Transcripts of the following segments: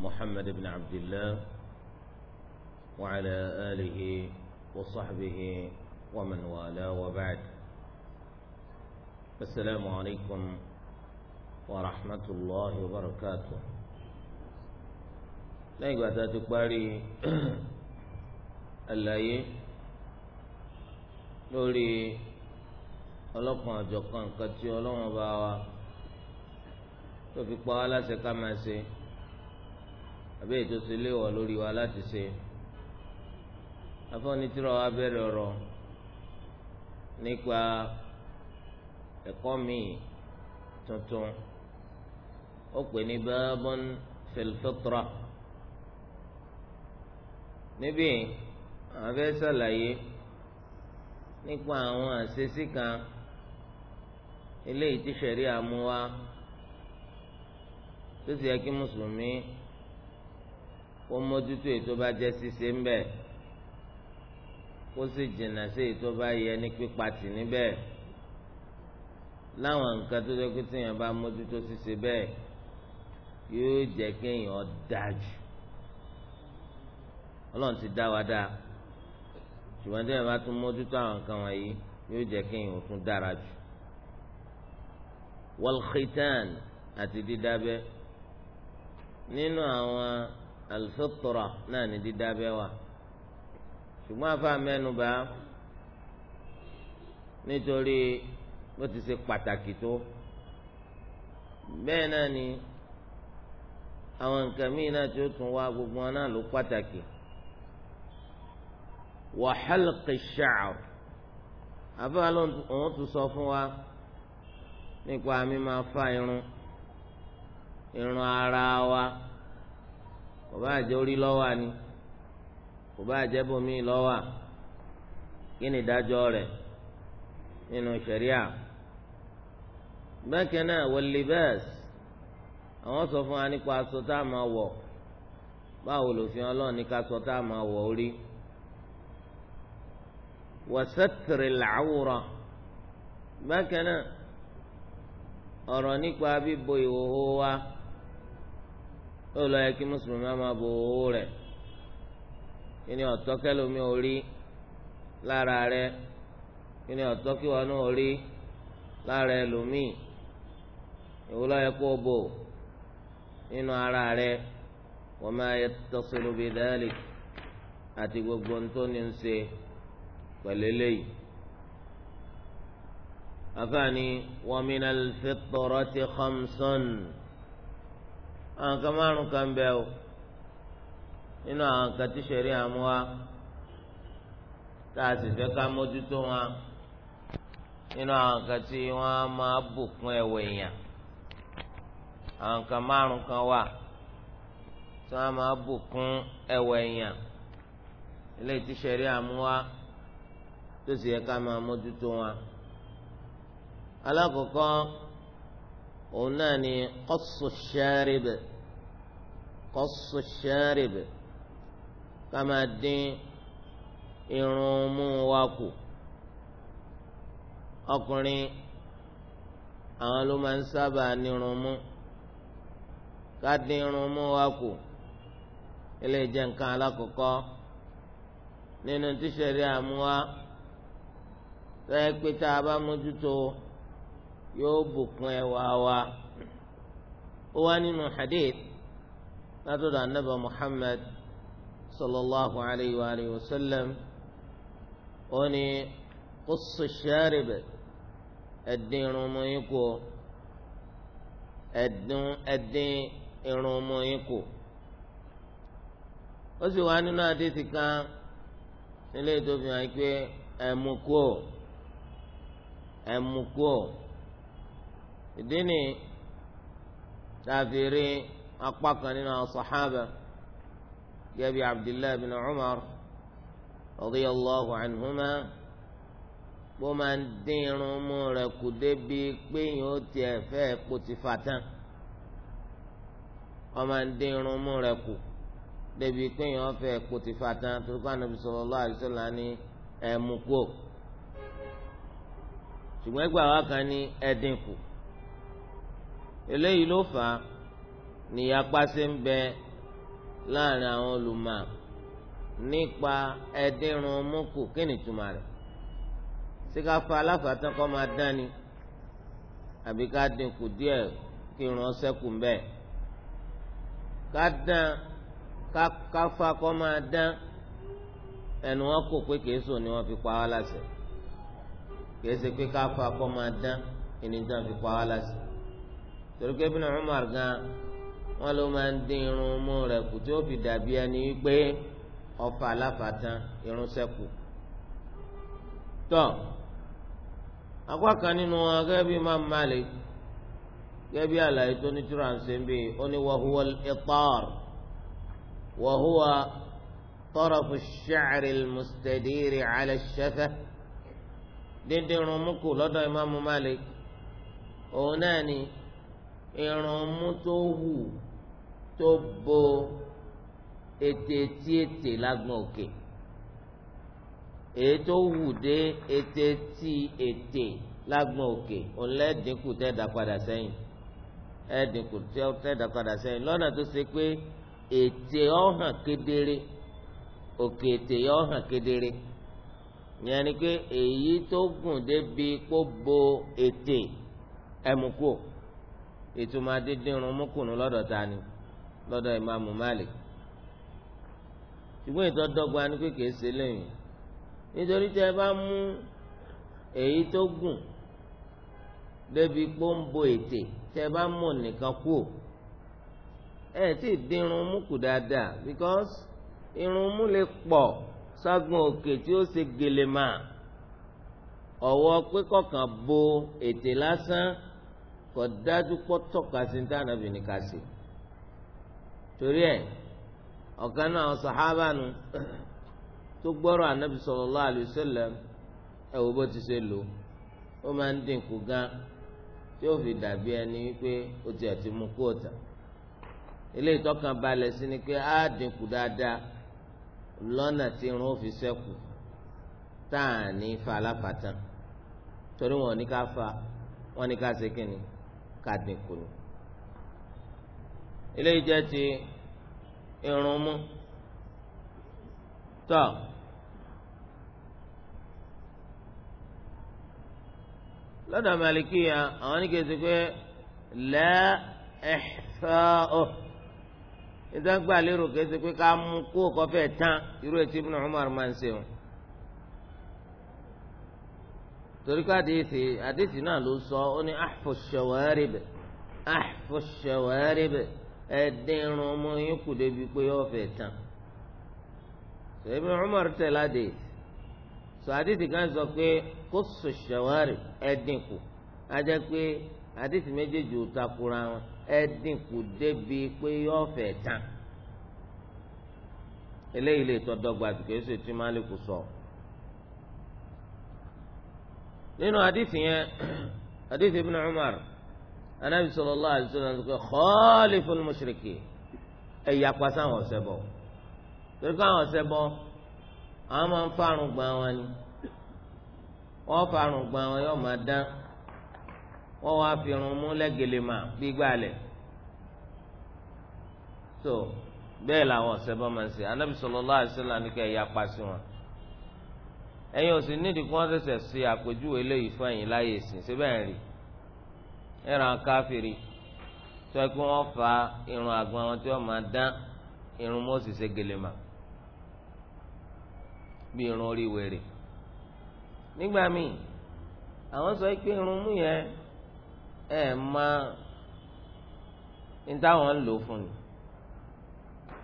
محمد بن عبد الله وعلى آله وصحبه ومن والاه وبعد السلام عليكم ورحمة الله وبركاته lẹ́yìn ìgbà tá a ti parí àlàyé lórí ọlọ́kan àjọkan nǹkan tí ọlọ́run bá wa tó fi pa wá láṣẹ ká máa ṣe àbí ètò sílé wọ̀ lórí wa láti ṣe afọ́nitirọ̀ wa bẹ̀rẹ̀ ọ̀rọ̀ nípa ẹ̀kọ́ míì tuntun ó pè ní babun fil fitra níbí àwọn fẹ́ sàlàyé nípa àwọn àṣesí kan eléyìí tí ṣẹ̀rí àmúwá tó ti yẹ kí mùsùlùmí kó mójútó ètò bá jẹ́ ṣíṣe ń bẹ̀ kó sì jìnnà sí ètò bá yẹ ní pípa tì níbẹ̀ láwọn nǹkan tó jẹ́ pé tíyàn bá mójútó ṣíṣe bẹ́ẹ̀ yóò jẹ́ kéèyàn dájú ọlọ́run ti dá wa dáa ṣùgbọ́n tí bá tún mójútó àwọn nǹkan wọ̀nyí yóò jẹ́ kéèyàn ó tún dára jù. wal khitan àti dídábẹ́ nínú àwọn alfitra náà ní dídábẹ́ wa ṣùgbọ́n afa mẹ́nuba nítorí bó ti ṣe pàtàkì tó bẹ́ẹ̀ náà ni àwọn nǹkan míì náà tí ó tún wá gbogbo wọn náà ló pàtàkì wa halqi sha'r afa òun sọ fún wa nípa mi máa irun irun ara wa. kò bá jẹ́ orí lọ́wọ́ ni kò bá jẹ́ bomi lọ́wọ́ kí ni ìdájọ́ rẹ̀ nínú ṣẹ̀ríà bákan náà wal àwọn sọ fún wa nípa aṣọ tá a máa wọ̀ báwo lòfin ọlọ́run ní ká sọ tá a máa wọ̀ orí wa satril awra ọ̀rọ̀ nípa bíbo ìhòòhò ó lọ yẹ kí mùsùlùmí á máa bo owó rẹ̀ kí ni ọ̀tọ́ kẹlòmí ò rí lára rẹ̀ kí ni ọ̀tọ́ kí wọn náà rí lára ẹlòmíì èwo ló yẹ kó o bò nínú ara rẹ̀ wa ma yattasilu bi dhalik àti gbogbo tó ní ń ṣe pẹ̀lú eléyìí. afaani wa minal fitrati khamsun. àwọn kan márùn kan bẹ o nínú àwọn kan tí sẹ̀rí àmú wa tá a sì fẹ́ ká mójútó wọn nínú àwọn kan tí wọ́n máa bùkún ẹ̀wọ̀ èèyàn àwọn kan márùn kan wà tí wọ́n máa bùkún ẹ̀wọ̀ èèyàn tí sẹ̀rí àmú wa tó sì yẹ ká òun náà ni qassu sharib qassu sharib ká máa dín irun mú wa kù ọkùnrin àwọn ló máa ń sábà nírun mú ká dín irun mú wa kù ilé jẹ́ nǹkan alákọ̀ọ́kọ́ nínú tíṣẹ̀rí àmúwá tẹ́ pé tá yóò bùkún ẹwà wa ó wá nínú hadith látọ̀dọ̀ anábà muhammad sallallahu alayhi wa alihi wa sallam ó ní qussu sharib ẹ̀dín irun mu yín kù ẹ̀dín ẹ̀dín irun mu yín kù ó sì wá nínú àdìsí kan nílé ìtòfin àìpé ẹ̀mú kù ẹ̀mú kù. ìdí ni akpa apá kan nínú àwọn sàhábà gẹ́bí abdullahi bin umar radiyallahu anhuma bó máa ń dín mú rẹ̀ kù débi pé yìí ó tiẹ̀ fẹ́ kó ti fà máa ń dín mú rẹ̀ kù débi pé yìí ó fẹ́ eléyìí ló fà á níyapa ṣe ń bẹ láàrin àwọn olùmọ̀ nípa ẹ̀dínrún mọ́kù kí ni ìtumọ̀ rẹ̀ ṣé ká fa aláfàtán kọ́ máa dán ni àbí ká dínkù díẹ̀ kí irun ọ̀sẹ̀ kù bẹ́ẹ̀ ká dán ká fa kọ́ máa dán ẹnu wọn kò pé kìí sùn ni wọn fi pa wá láṣẹ kìí ṣe pé ká fa kọ́ máa dán ìníjà fi pa wá láṣẹ torí pé Ibn Umar gan wọn ló máa ń dín irun mú rẹ̀ kù tí ó fi dàbí ẹni pé ọfà aláfàtán irun sẹ́kù tọ́ akọ́ kan nínú wọn gẹ́gẹ́ bí Imam Malik gẹ́gẹ́ bí àlàyé tó ní tura ṣe ń bè ó ní wàhúwà ìtọ́r wàhúwà tọ́rọ̀fù ṣàcìrì mùsítẹ̀dìrì alẹ́ ṣẹ́fẹ́ dídínrún mú kù lọ́dọ̀ Imam Malik òun náà ni irun mú tó hù tó bo ètè tí ètè lágbọ̀n òkè èyí tó hù dé ètè tí ètè lágbọ̀n òkè ọ̀lẹ́dínkù tẹ́ẹ̀dá padà sẹ́yìn ẹ̀ẹ́dínkù tẹ́ẹ̀dá padà sẹ́yìn lọ́nà tó ṣe pé ètè ọ̀hàn kedere òkè ètè ọ̀hàn kedere yẹn ni pé èyí tó gùn débi kó bo ètè ẹ̀mùkù. E ètò máa dídín irun múkùnú lọ́dọ̀ ta ni lọ́dọ̀ ìmáàmù Malik ṣùgbọ́n ètò ọ̀dọ́gba ni pé kìí ṣe lẹ́yìn nítorí tẹ́ ẹ bá mú èyí tó gùn débi pọ́ńbó ètè tẹ́ ẹ bá mú nìkan kú ẹ tí ì dín dáadáa because irun mú lè pọ̀ ságun òkè tí ó ṣe gèlè máa ọ̀wọ́ pé kọ̀ọ̀kan bo ètè lásán. kò dájú pọ́tọ́ kàṣí dáná bì ní torí ẹ ọ̀kan náà sàhábà nu tó gbọ́rọ̀ ànábì sallallahu alaihi wasallam ẹ̀ wò bó ti ṣe lò ó máa ń dínkù gan tí ó fi dàbí ẹni wípé o ti mú kú balẹ̀ sí ni pé tí irun ó fi tá fa aláfàtàn torí wọn ká dínkù ni eléyìí jẹ́ ti irun mú tọ́ lọ́dọ̀ malikiya àwọn ti pé la lérò pé ká mú kó tán irú torí ká àdéhìsì àdéhìsì náà ló sọ ó ní ahfu shawarib ahfu shawarib ẹ̀ẹ́dín irun ọmọ yín kù débi pé yóò fẹ́ tán Ibn Umar tẹ̀lé àdéhìsì sọ àdéhìsì kan sọ pé qussu shawarib ẹ̀ẹ́dín kù ajẹ́ pé àdéhìsì méjèèjì ò takora wọn ẹ̀ẹ́dín kù débi pé yóò tán eléyìí lè tọ́ dọ́gba àdùkẹ́ sọ ètí Málíkù sọ. So nínú hadithi yẹn hadithi ibn umar anabi sallallahu alaihi wasallam khaliful mushrikin ẹ yapa sáwọn ọ̀sẹ̀ bọ̀ torí pé àwọn ọ̀sẹ̀ bọ̀ àwọn máa ń fárun gbọ́n wọn ni wọ́n fárun gbọ́n wọn yóò máa dán wọ́n wá fi irun mú lẹ́gẹ̀lẹ̀ mà gbígbà lẹ̀ so bẹ́ẹ̀ làwọn ọ̀sẹ̀ bọ̀ máa ń ṣe anabi sallallahu alaihi wasallam ni kẹ́ ẹ yapa sí wọn ẹ̀yin ò sì nídìí kí wọ́n ṣẹ̀ṣẹ̀ ṣe àpèjúwe eléyìí fún ẹ̀yin láyè ìsìn síbẹ̀ ń rí ìran káfíìrì tó ẹ kí wọ́n fa irun àgbọn wọn tí wọ́n máa dán irun mọ́ sì ṣe gèlèmà bí irun orí wèrè nígbà míì àwọn sọ pé irun mú yẹn ẹ máa ń táwọn ń lò fún ni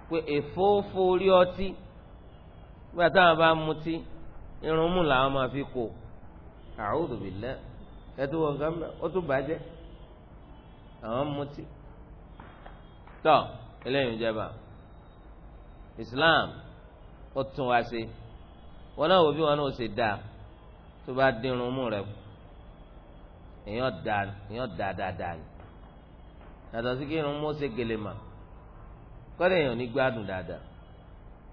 pé èfófó orí ọtí nígbà táwọn bá mutí irun mú làwọn máa fi kó a'udhu billah ẹtú wọn kàn mẹ ó tún bàjẹ́ àwọn mutí tọ eléyìí jẹba Islam ó tún wá sí wọn náà wò bí wọn náà ṣe dáa tó bá dínrún mú rẹ èèyàn dáa èèyàn dáa dáadáa ni yàtọ̀ sí kí irun mú ṣe gèlè mà kọ́dọ̀ èèyàn ní gbádùn dáadáa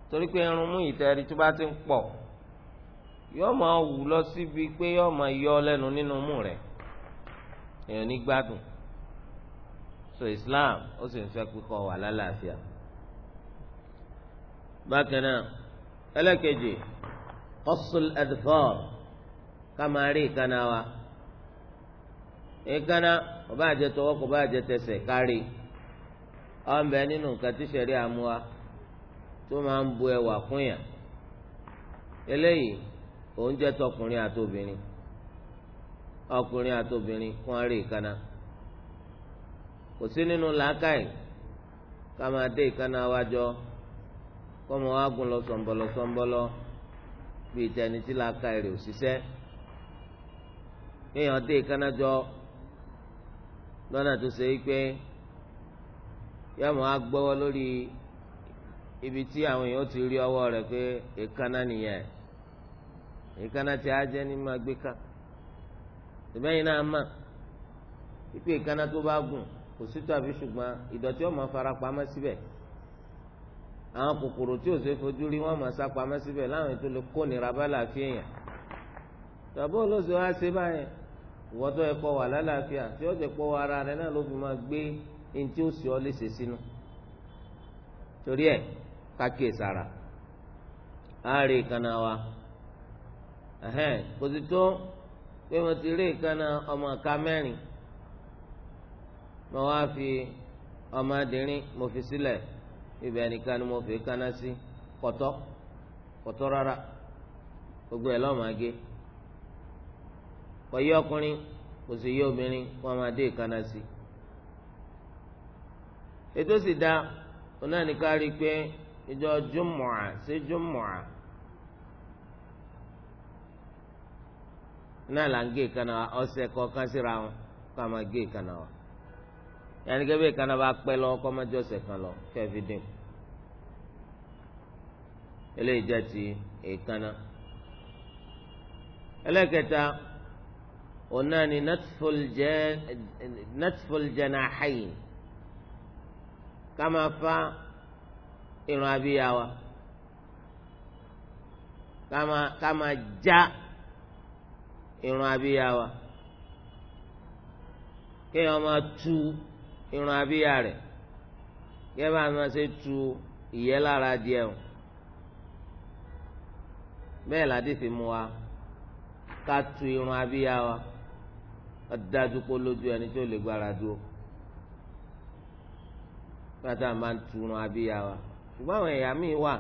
torí pé irun mú ìtẹ́rí tó bá ti ń pọ̀ yóò ma wù lọ síbi pé yóò ma yọ lẹ́nu nínú mú rẹ èèyàn ní gbádùn so Islam ó sì ń fẹ́ kíkọ́ wà lálàáfíà bákan náà ẹlẹ́kẹ̀jì qassul adfar ká máa rí ìkànnà wa ìkànnà kò bá jẹ tọwọ́ kò bá jẹ tẹsẹ̀ kárí ọ̀n nínú nǹkan bu ẹwà yàn òun jẹ́ tọkùnrin àtobìnrin ọkùnrin àtobìnrin kún àárẹ̀ ìkànnà kò sí nínú làákàyè ká máa dé ìkànnà wájọ kó mọ wágùn lọ sọmbọlọ sọmbọlọ bíi tẹni tí làákàyè rẹ̀ ò ṣiṣẹ́ kéèyàn dé ìkànnà jọ lọ́nà tó ṣe pé yọmọ gbọwọ lórí ibi tí àwọn èèyàn ti rí ọwọ rẹ̀ pé ìkànnà nìyẹn. èékánná tí a jẹ́ ní máa gbé ká tẹ̀bẹ́yìn náà mà pípé èékánná tó bá gùn kò sí tàbí ṣùgbọ́n ìdọ̀tí ó fara pamọ́ síbẹ̀ àwọn kòkòrò tí ò ṣe fojú rí wọ́n máa sá pamọ́ síbẹ̀ láwọn ètò lè kó nira bá làáfíà èèyàn tàbí olóṣèlú á ṣe báyẹn ìwọ́n tó ẹ̀kọ́ wà lálàáfíà tí ó jẹ́ pọ̀ ara rẹ náà ló fi máa gbé ẹni tí ó sì ọ́ léṣe sínú torí ẹ̀ kákíyèsára á rí ìkànnà wa. kò sì tó pé mo ti rí ìkànnà ọmọ ọ̀ka mẹ́rin mo wá fi ọmọdérin mo fi sílẹ̀ ibẹ̀ nìkan ni mo fi kánná sí kọ̀tọ́ kọ̀tọ́ rárá gbogbo ẹ̀ lọ́màgé kò yí ọkùnrin kò sì yí obìnrin kó máa dé ìkànnà sí. ètò sì dá onáníkà rí i pé náà là ń gé ìkànnà wa ọ̀sẹ̀ kọ̀ọ̀kan síra wọn kó a máa gé ìkànnà wa yàrá gẹ́gẹ́ bí ìkànnà bá pẹ́ lọ kó má jẹ́ ọ̀sẹ̀ kan lọ kẹ́ fi dín kù eléyìí jẹ́ ti ìkànnà ẹlẹ́kẹta ọ̀nà ni natful janahayin ká máa fa irun abíyá wa ká máa já irun abíyá wa kéèyàn máa tú irun abíyá rẹ̀ kéèyàn máa máa ṣe tú ìyẹ́ lára díẹ̀ o bẹ́ẹ̀ ládì fi mu wa ká tú irun abíyá wa ọ̀dájú kó lójú ẹni tó lè gbára dúró pátá máa ń irun abíyá wa ṣùgbọ́n àwọn ẹ̀yà míì wà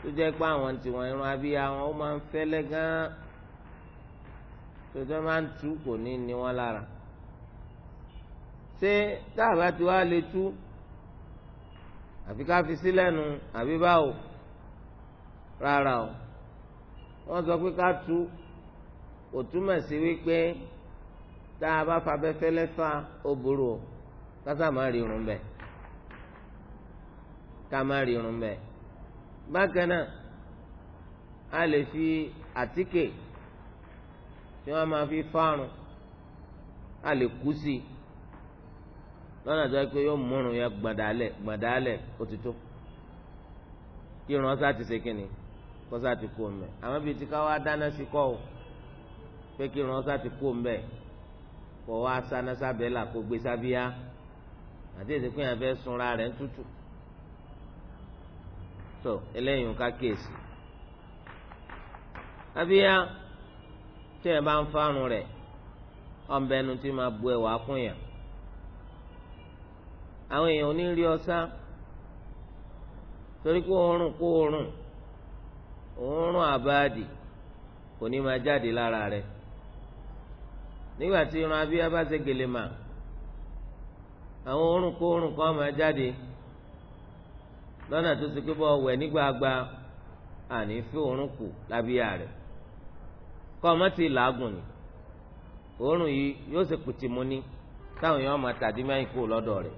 tó jẹ́ pé àwọn tiwọn irun abíyá wọn ó máa ń fẹ́lẹ́ gan-an tòjọ́ máa ń tú kò ní ní wọn lára ṣé táàbà tí wàá lè tú àfi ká fi sílẹ̀ nu àbí báwo rárá o wọ́n sọ pé ká tú kò túmọ̀ sí wípé tá a bá ó burú o kásá má rí irun bẹ́ẹ̀ ká má rí irun bẹ́ẹ̀ bákan náà a lè fi àtíkè tí wọ́n máa fi fárun a lè kú sí i lọ́nà tó yẹ pé yóò múrun yẹn gbọ̀dálẹ̀ gbọ̀dálẹ̀ ó ti tó kí irun ọ̀sá ti ṣe kínni kọ́sá ti kú ọ̀mẹ́ àmọ́ bíi ti ká wá dáná sí kọ́ ọ pé kí irun ọ̀sá ti kú ọ̀mẹ́ kọ́ wá sáná sábẹ́là kó gbé sábíyá àti èsì yẹn fẹ́ sunra rẹ̀ ń tútù tó eléyìí ń ká kíyèsí. abíyá tí ẹ bá ń fárun rẹ̀ ọ̀nbẹ́nu tí máa bu ẹwà kún yàn àwọn èèyàn ní rí ọsá torí kó oorun kó oorun oorun àbáàdì kò ní máa jáde lára rẹ̀ nígbà tí irun abíyá bá ṣe gèlè mà àwọn oorun kó oorun kan máa jáde lọ́nà tó ṣe pé bọ́ wẹ̀ nígbà àní fi oorun kù lábíyá rẹ̀ kọ́ ọmọ ti làágùn ni òórùn yìí yóò ṣe kùtìmù ni táwọn èèyàn máa tàdí mẹ́rin kú lọ́dọ̀ rẹ̀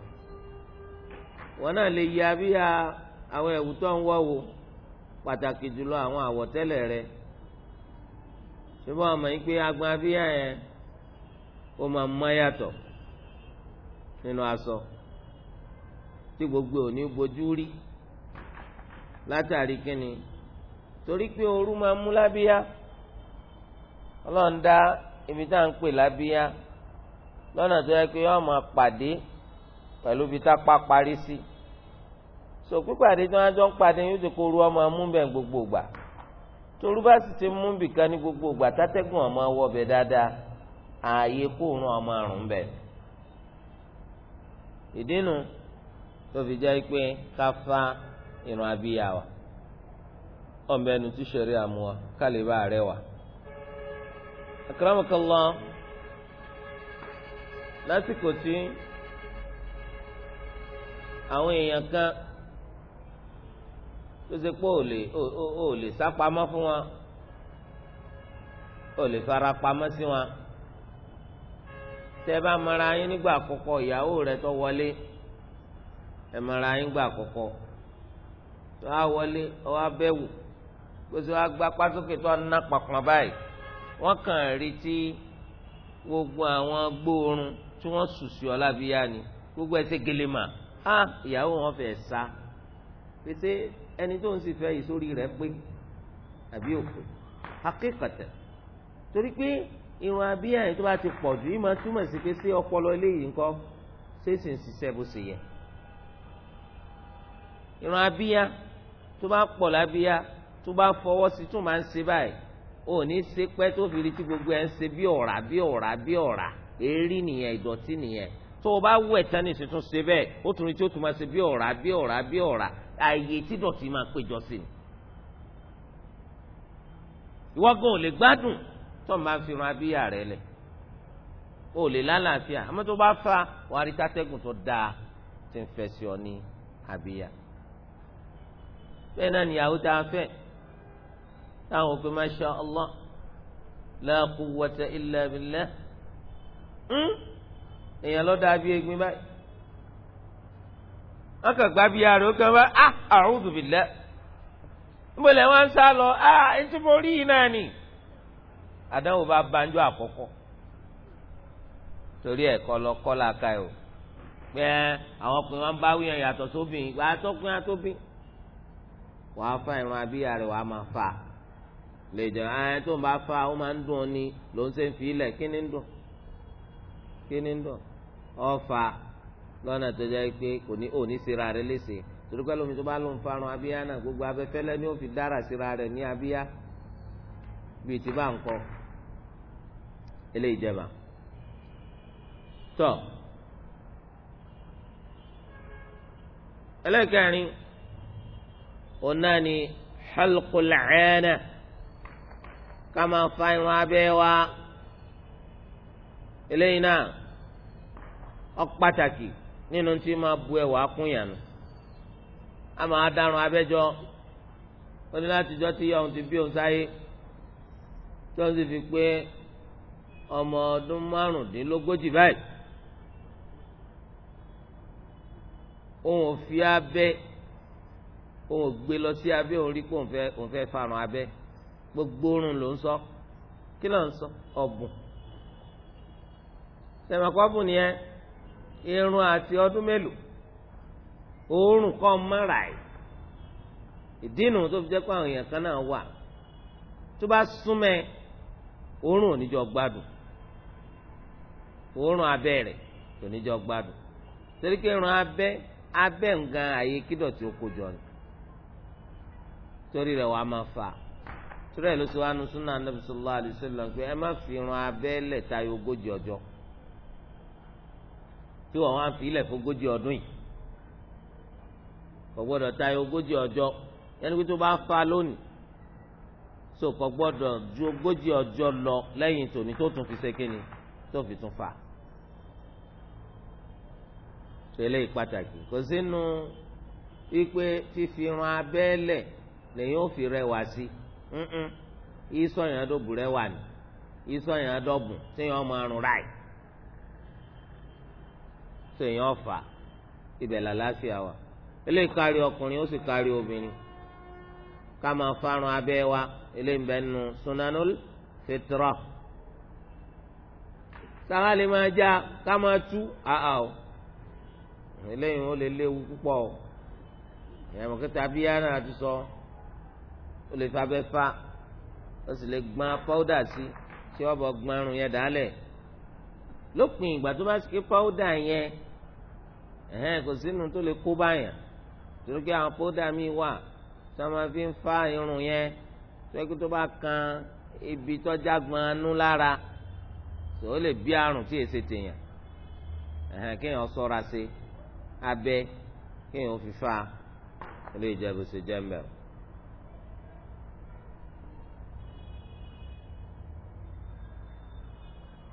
wọn náà lè ya bí a àwọn ẹ̀wù tó ń wọ́wọ́ pàtàkì jùlọ àwọn àwọ̀tẹ́lẹ̀ rẹ̀ ṣùgbọ́n ọmọ yìí pé agbọn abíyá yẹn ó máa mọ́ yàtọ̀ nínú aṣọ tí gbogbo òní bojú rí látàrí torí pé ooru máa mú ọlọ́run dá ibi tá à ń pè lábíyá lọ́nà tó yẹ pé yọ́ọ́ máa pàdé pẹ̀lú ibi tá a pa parí sí so pípàdé tí wọ́n á jọ ń pàdé yóò ti kóru ọmọ amúbẹ̀ gbogbo ìgbà torú bá sì ti mú bìkan ní gbogbo ìgbà tátẹ́gùn ọmọ wọ bẹ̀ dáadáa ààyè kóòrùn ọmọ àrùn bẹ̀ ìdínú tó fi jẹ́ pé ká fa irun abíyá wa ọ̀nbẹ́nu tíṣẹ̀rí àmúwa kálíbà rẹwà akramakallah lásìkò tí àwọn èèyàn kan tó ṣe pé ò lè ò lè sápamọ́ fún wọn ò lè fara pamọ́ sí wọn tẹ bá mara yín nígbà àkọ́kọ́ ìyàwó rẹ tó wọlé ẹ mara yín gbà àkọ́kọ́ tó wá wọlé ọ wá bẹ̀wò gbèsè wá gbá pásókè tó ná pàpà báyìí wọ́n kàn rí tí gbogbo àwọn gbóòórùn tí wọ́n sùsù ọlábíyá ni gbogbo ẹsẹ̀ gelema á ìyàwó wọn fẹ́ sá pété ẹni tó ń sì fẹ́ yìí sórí rẹ̀ pé àbí òpè akékọ̀tẹ̀ torí pé irun abíyá yìí tó bá ti pọ̀ jù yìí máa túmọ̀ sí pé sí ọpọlọ eléyìí ńkọ́ ṣé sì ń ṣiṣẹ́ bó ṣe yẹ irun abíyá tó bá pọ̀ lábíyá tó bá fọwọ́ sí tó máa ń ṣe báyìí ò ní ṣe pẹ́ tó fi rí tí gbogbo ẹ̀ ń ṣe bí ọ̀rá bí ọ̀rá bí ọ̀rá èérí nìyẹn ìdọ̀tí nìyẹn tó o bá wẹ̀ tán ní ìṣètò ṣe bẹ́ẹ̀ ó tún ní tí ó tún máa ṣe bí ọ̀rá bí ọ̀rá bí ọ̀rá ààyè tí dọ̀tí máa péjọ sí ni. ìwọ́gàn ò lè gbádùn tó máa fi ran abíyá rẹ lẹ̀ o lè lálàáfíà àmọ́ tó bá fa wàá rí tátẹ́gùn tó dáa tí ń fẹ́ sí ọ ní abíyá. bẹ́ẹ̀ náà nìyàwó tá a táwọn òpin masha allah la quwwata illa billah èèyàn lọ dàbí egbin báyìí wọn kàn gbá bíi ààrẹ ó kàn bá a a'udhu billah níbo lẹ wọn sá lọ a etí mo rí yìí náà ni àdánwò bá banjọ àkọ́kọ́ torí ẹ̀kọ́ lọ kọ́ la o pé àwọn ọkùnrin wọn bá wíyàn yàtọ̀ sóbìn wàá tọkùnrin àtóbìn wàá fa ìrun abíyá rẹ wàá máa fa. lè jẹ ẹ tó ń bá fa ó máa ń dùn ọ ni ló ń ṣe ń fi ilẹ̀ kí ni ń dùn kí ń dùn ọfà lọ́nà tó jẹ́ pé kò ní òní bá lóun farun abíyá náà gbogbo abẹ́fẹ́lẹ́ ni ó fi dára síra rẹ ní abíyá bíi ti bá ń kọ́ eléyìí jẹba ni ká máa fa irun abẹ́ wa eléyìí náà ó pàtàkì nínú tí máa bu ẹwà kún yànnà a máa darun abẹ́jọ́ ó ní látijọ́ tí ọ̀hún ti bí òun sáyé tí wọ́n sì fi pé ọmọ ọdún márùndínlógójì báyìí òun ò fi abẹ́ òun ò gbé lọ sí abẹ́ òun rí pé òun fẹ́ farun abẹ́. gbogbo oorun ló ń sọ kí ló ń sọ ọ̀bùn tẹ̀mọ̀kọ́bùn ni ẹ irun àti ọdún mélòó oorun kọ́ mọ́ra ẹ ìdí tó fi jẹ́ pé àwọn èèyàn kan náà wà tó bá súnmẹ oorun oníjọ gbádùn oorun abẹ́ rẹ̀ oníjọ gbádùn torí pé tirẹ̀ ló ti wá nu súnà anabi sallallahu alayhi wa sallam pé ẹ má fi irun abẹ́lẹ̀ tayọ ogójì ọjọ́ tí wọ́n wá fi ilẹ̀ fógójì ọdún yìí kò gbọ́dọ̀ ogójì ọjọ́ yẹn níbi tó bá fa lónìí so kò gbọ́dọ̀ ju ogójì ọjọ́ lọ lẹ́yìn tòní tó tún fi tó fi tún fa pàtàkì kò sínú wípé fífi irun abẹ́lẹ̀ fi rẹwà sí si. ìsọ yẹn dó burẹ́ wà ní ìsọ yẹn dọ̀bùn tí yẹn ọmọ arùn ráì tó yẹn ọ̀fà ibẹ̀ làlàáfíà wà eléyìí kárí ọkùnrin ó sì kárí obìnrin ká máa fárun abẹ́ wa eléyìí bẹ́ẹ̀ nù sunanul fitra sára lè máa já ká máa tú àá o eléyìí ó lè léwu púpọ̀ o ìyàmùkẹ́ta bíyá náà ti sọ. So ó lè fa abẹ́ fa ó sì lè gbọ́n pọ́dà sí tí wọ́n bọ̀ gbọ́n irun yẹn dálẹ̀ lópin ìgbà tó bá sì ké pọ́dà yẹn ẹ̀hẹ́n kò sínú tó lè kó báyàn torí pé àwọn pọ́dà míì wà tí wọ́n máa fi ń fa irun yẹn tó yẹ kó tó bá kan ibi tó jágbọ́n anú lára tó o lè bí àrùn tí èsè tèèyàn ẹ̀hẹ́n kéèyàn sọ́ra sí abẹ́ kéèyàn fi fa ilé ìjẹ́bù sí jẹ́mbẹ̀rù.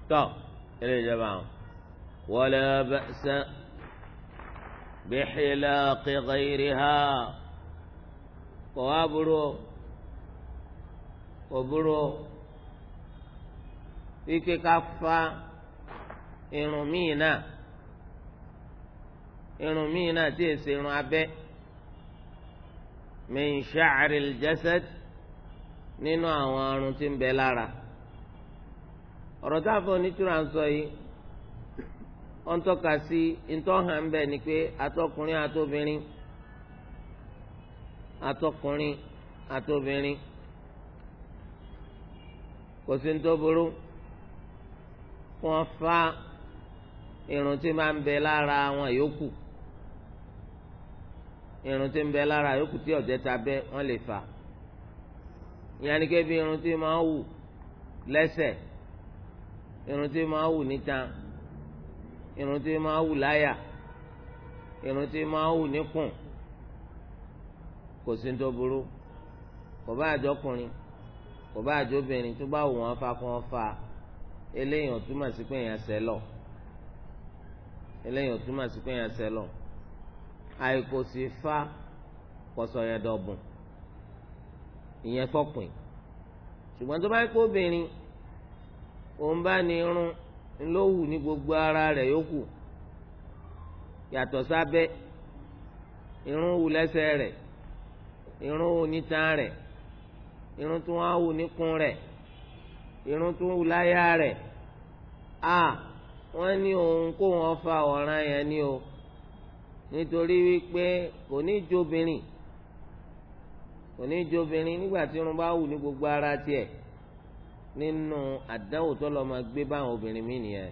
طب يا جماعة ولا بأس بحلاق غيرها وابرو وبرو فيك كفا إرمينا إرمينا تيسر أبي من شعر الجسد نينو أوانو بلارا ọ̀rọ̀ tá a fọ onítúrà ń sọ yìí wọ́n tọ́ka sí ntọ́hàn bẹ́ẹ̀ ni pé atọkùnrin àtobìnrin atọkùnrin àtobìnrin kò sí ń tó burú wọ́n fa irun tí máa ń bẹ lára wọn yòókù irun tí ń bẹ lára yòókù tí ọ̀jẹ̀ ta bẹ́ wọ́n lè fà ìyànníkẹ́ bí irun tí máa ń wù lẹ́sẹ̀ irun tí máa wù níta irun tí máa wù láyà irun tí máa wù níkùn kò sí tó burú kò bá àjọkùnrin kò bá àjọbìnrin tó bá wù wọn fa kó wọn fa eléyìí ò túmọ̀ sí pé èèyàn sẹ́ lọ eléyìí ò túmọ̀ sí pé èèyàn sẹ́ lọ àìkò sí fa kọsọ yẹn dọ̀bùn ìyẹn fọkùn ṣùgbọ́n tó bá kó obìnrin òun bá ní irun ló wù ní gbogbo ara rẹ̀ yòókù yàtọ̀ sábẹ́ irun wù lẹ́sẹ̀ rẹ̀ irun wù nítan rẹ̀ irun tó wá wù níkùn rẹ̀ irun tó wù láyà rẹ̀ a wọ́n ní òun kó wọn fa ọ̀ràn yẹn ni o nítorí wípé kò ní jóbìnrin kò ní jóbìnrin nígbà tí irun bá wù ní gbogbo ara tiẹ̀ nínú àdánwò tó lọ máa gbé báwọn obìnrin mí nìyẹn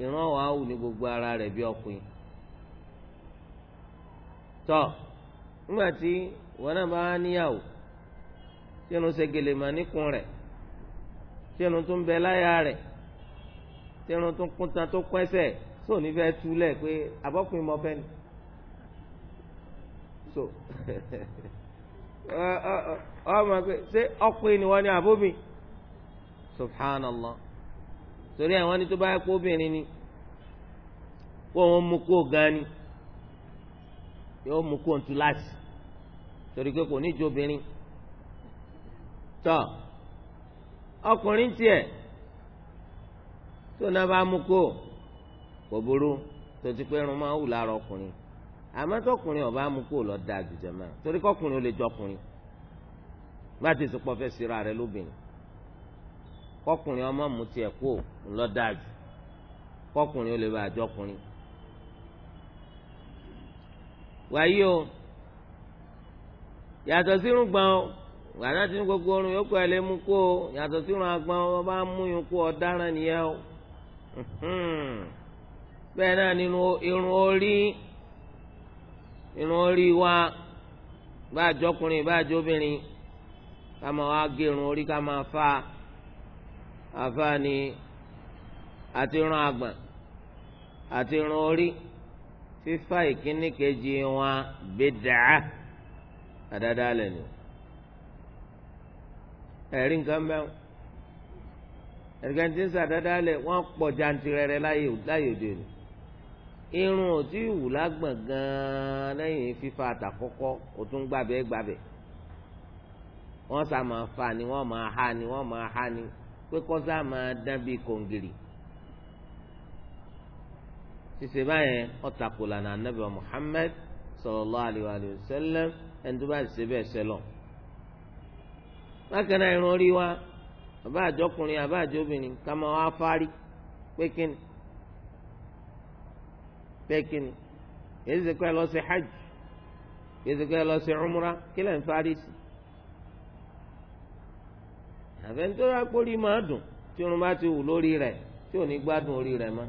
ìran wà áwù ní gbogbo ara rẹ̀ bí ọkùnrin tọ nígbà tí wọn náà bá níyàwó tí irun ṣe gèlè mà níkùn rẹ̀ tí irun tún bẹ láyà rẹ̀ tí irun tún kún tán tó kún ẹsẹ̀ tó ní fẹ́ túlẹ̀ pé abọ́kùnrin mọ fẹ́ ni so ọmọ pé ṣé ọkùnrin ni wọ́n ní àbómi subhanallah torí àwọn ẹni tó bá yẹ kó obìnrin ni kó wọn mú kó gan ni yóò mú kó ntú láti torí pé kò ní ju obìnrin tọ ọkùnrin tiẹ̀ tó náà bá mú kó kò burú tó ti pé irun máa wù lára ọkùnrin àmọ́ tọkùnrin ọba mú kó lọ da àjùjẹ máa torí kọkùnrin ó lè jọkùnrin bá ti sùpọ̀ fẹ́ síra rẹ lóbìnrin kọkùnrin ọmọ mu tiẹ̀ kú ńlọ dájú kọkùnrin ó lè bá àjọkùnrin. wàyí o yàtọ̀ sírun gbọ́n o gbàdá tí gbogbo orun yòókù ẹ lè mú kó o yàtọ̀ sírun agbọ́n o bá mú yín kó ọ̀daràn nìyẹn o bẹ́ẹ̀ náà nínú irun orí irun orí wa bá àjọkùnrin bá àjọbìnrin ká máa wá gé irun orí ká máa fa àfààní àti rán àgbọ̀n àti rán orí fífa ìkíní kejì wọn bídàá àdáadáa lẹ́nu ẹ̀rí nǹkan mẹ́wọ́n ẹ̀rìgẹ́ntì ń sàdáadáa lẹ̀ wọ́n pọ̀ jantirẹrẹ láyé òde òní irun ò tí ì wù lágbọ̀n gan-an lẹ́yìn fífa àtàkọ́kọ́ kò tún gbàbẹ́ gbàbẹ́ wọ́n sá máa fa ni wọ́n máa ha ni wọ́n máa ha ni pé kọ́sá máa dán bíi kòǹgìrì ṣíṣe báyẹn ọ̀tàkù lànà anábì Muhammad sallallahu alayhi wa sallam ẹni tó bá ṣe bẹ́ẹ̀ ṣẹlọ. bákan náà irun orí wa àbá àjọkùnrin àbá àjọbìnrin ká máa wá fárí pé kíni pé kíni èyí ti kọ́ lọ sí hajj èyí ti kọ́ lọ sí umra kí lẹ́yìn fárí sí àfẹn tó rà pórí máa dùn tí irun bá ti wù lórí rẹ̀ tí ò ní gbádùn orí rẹ̀ mọ́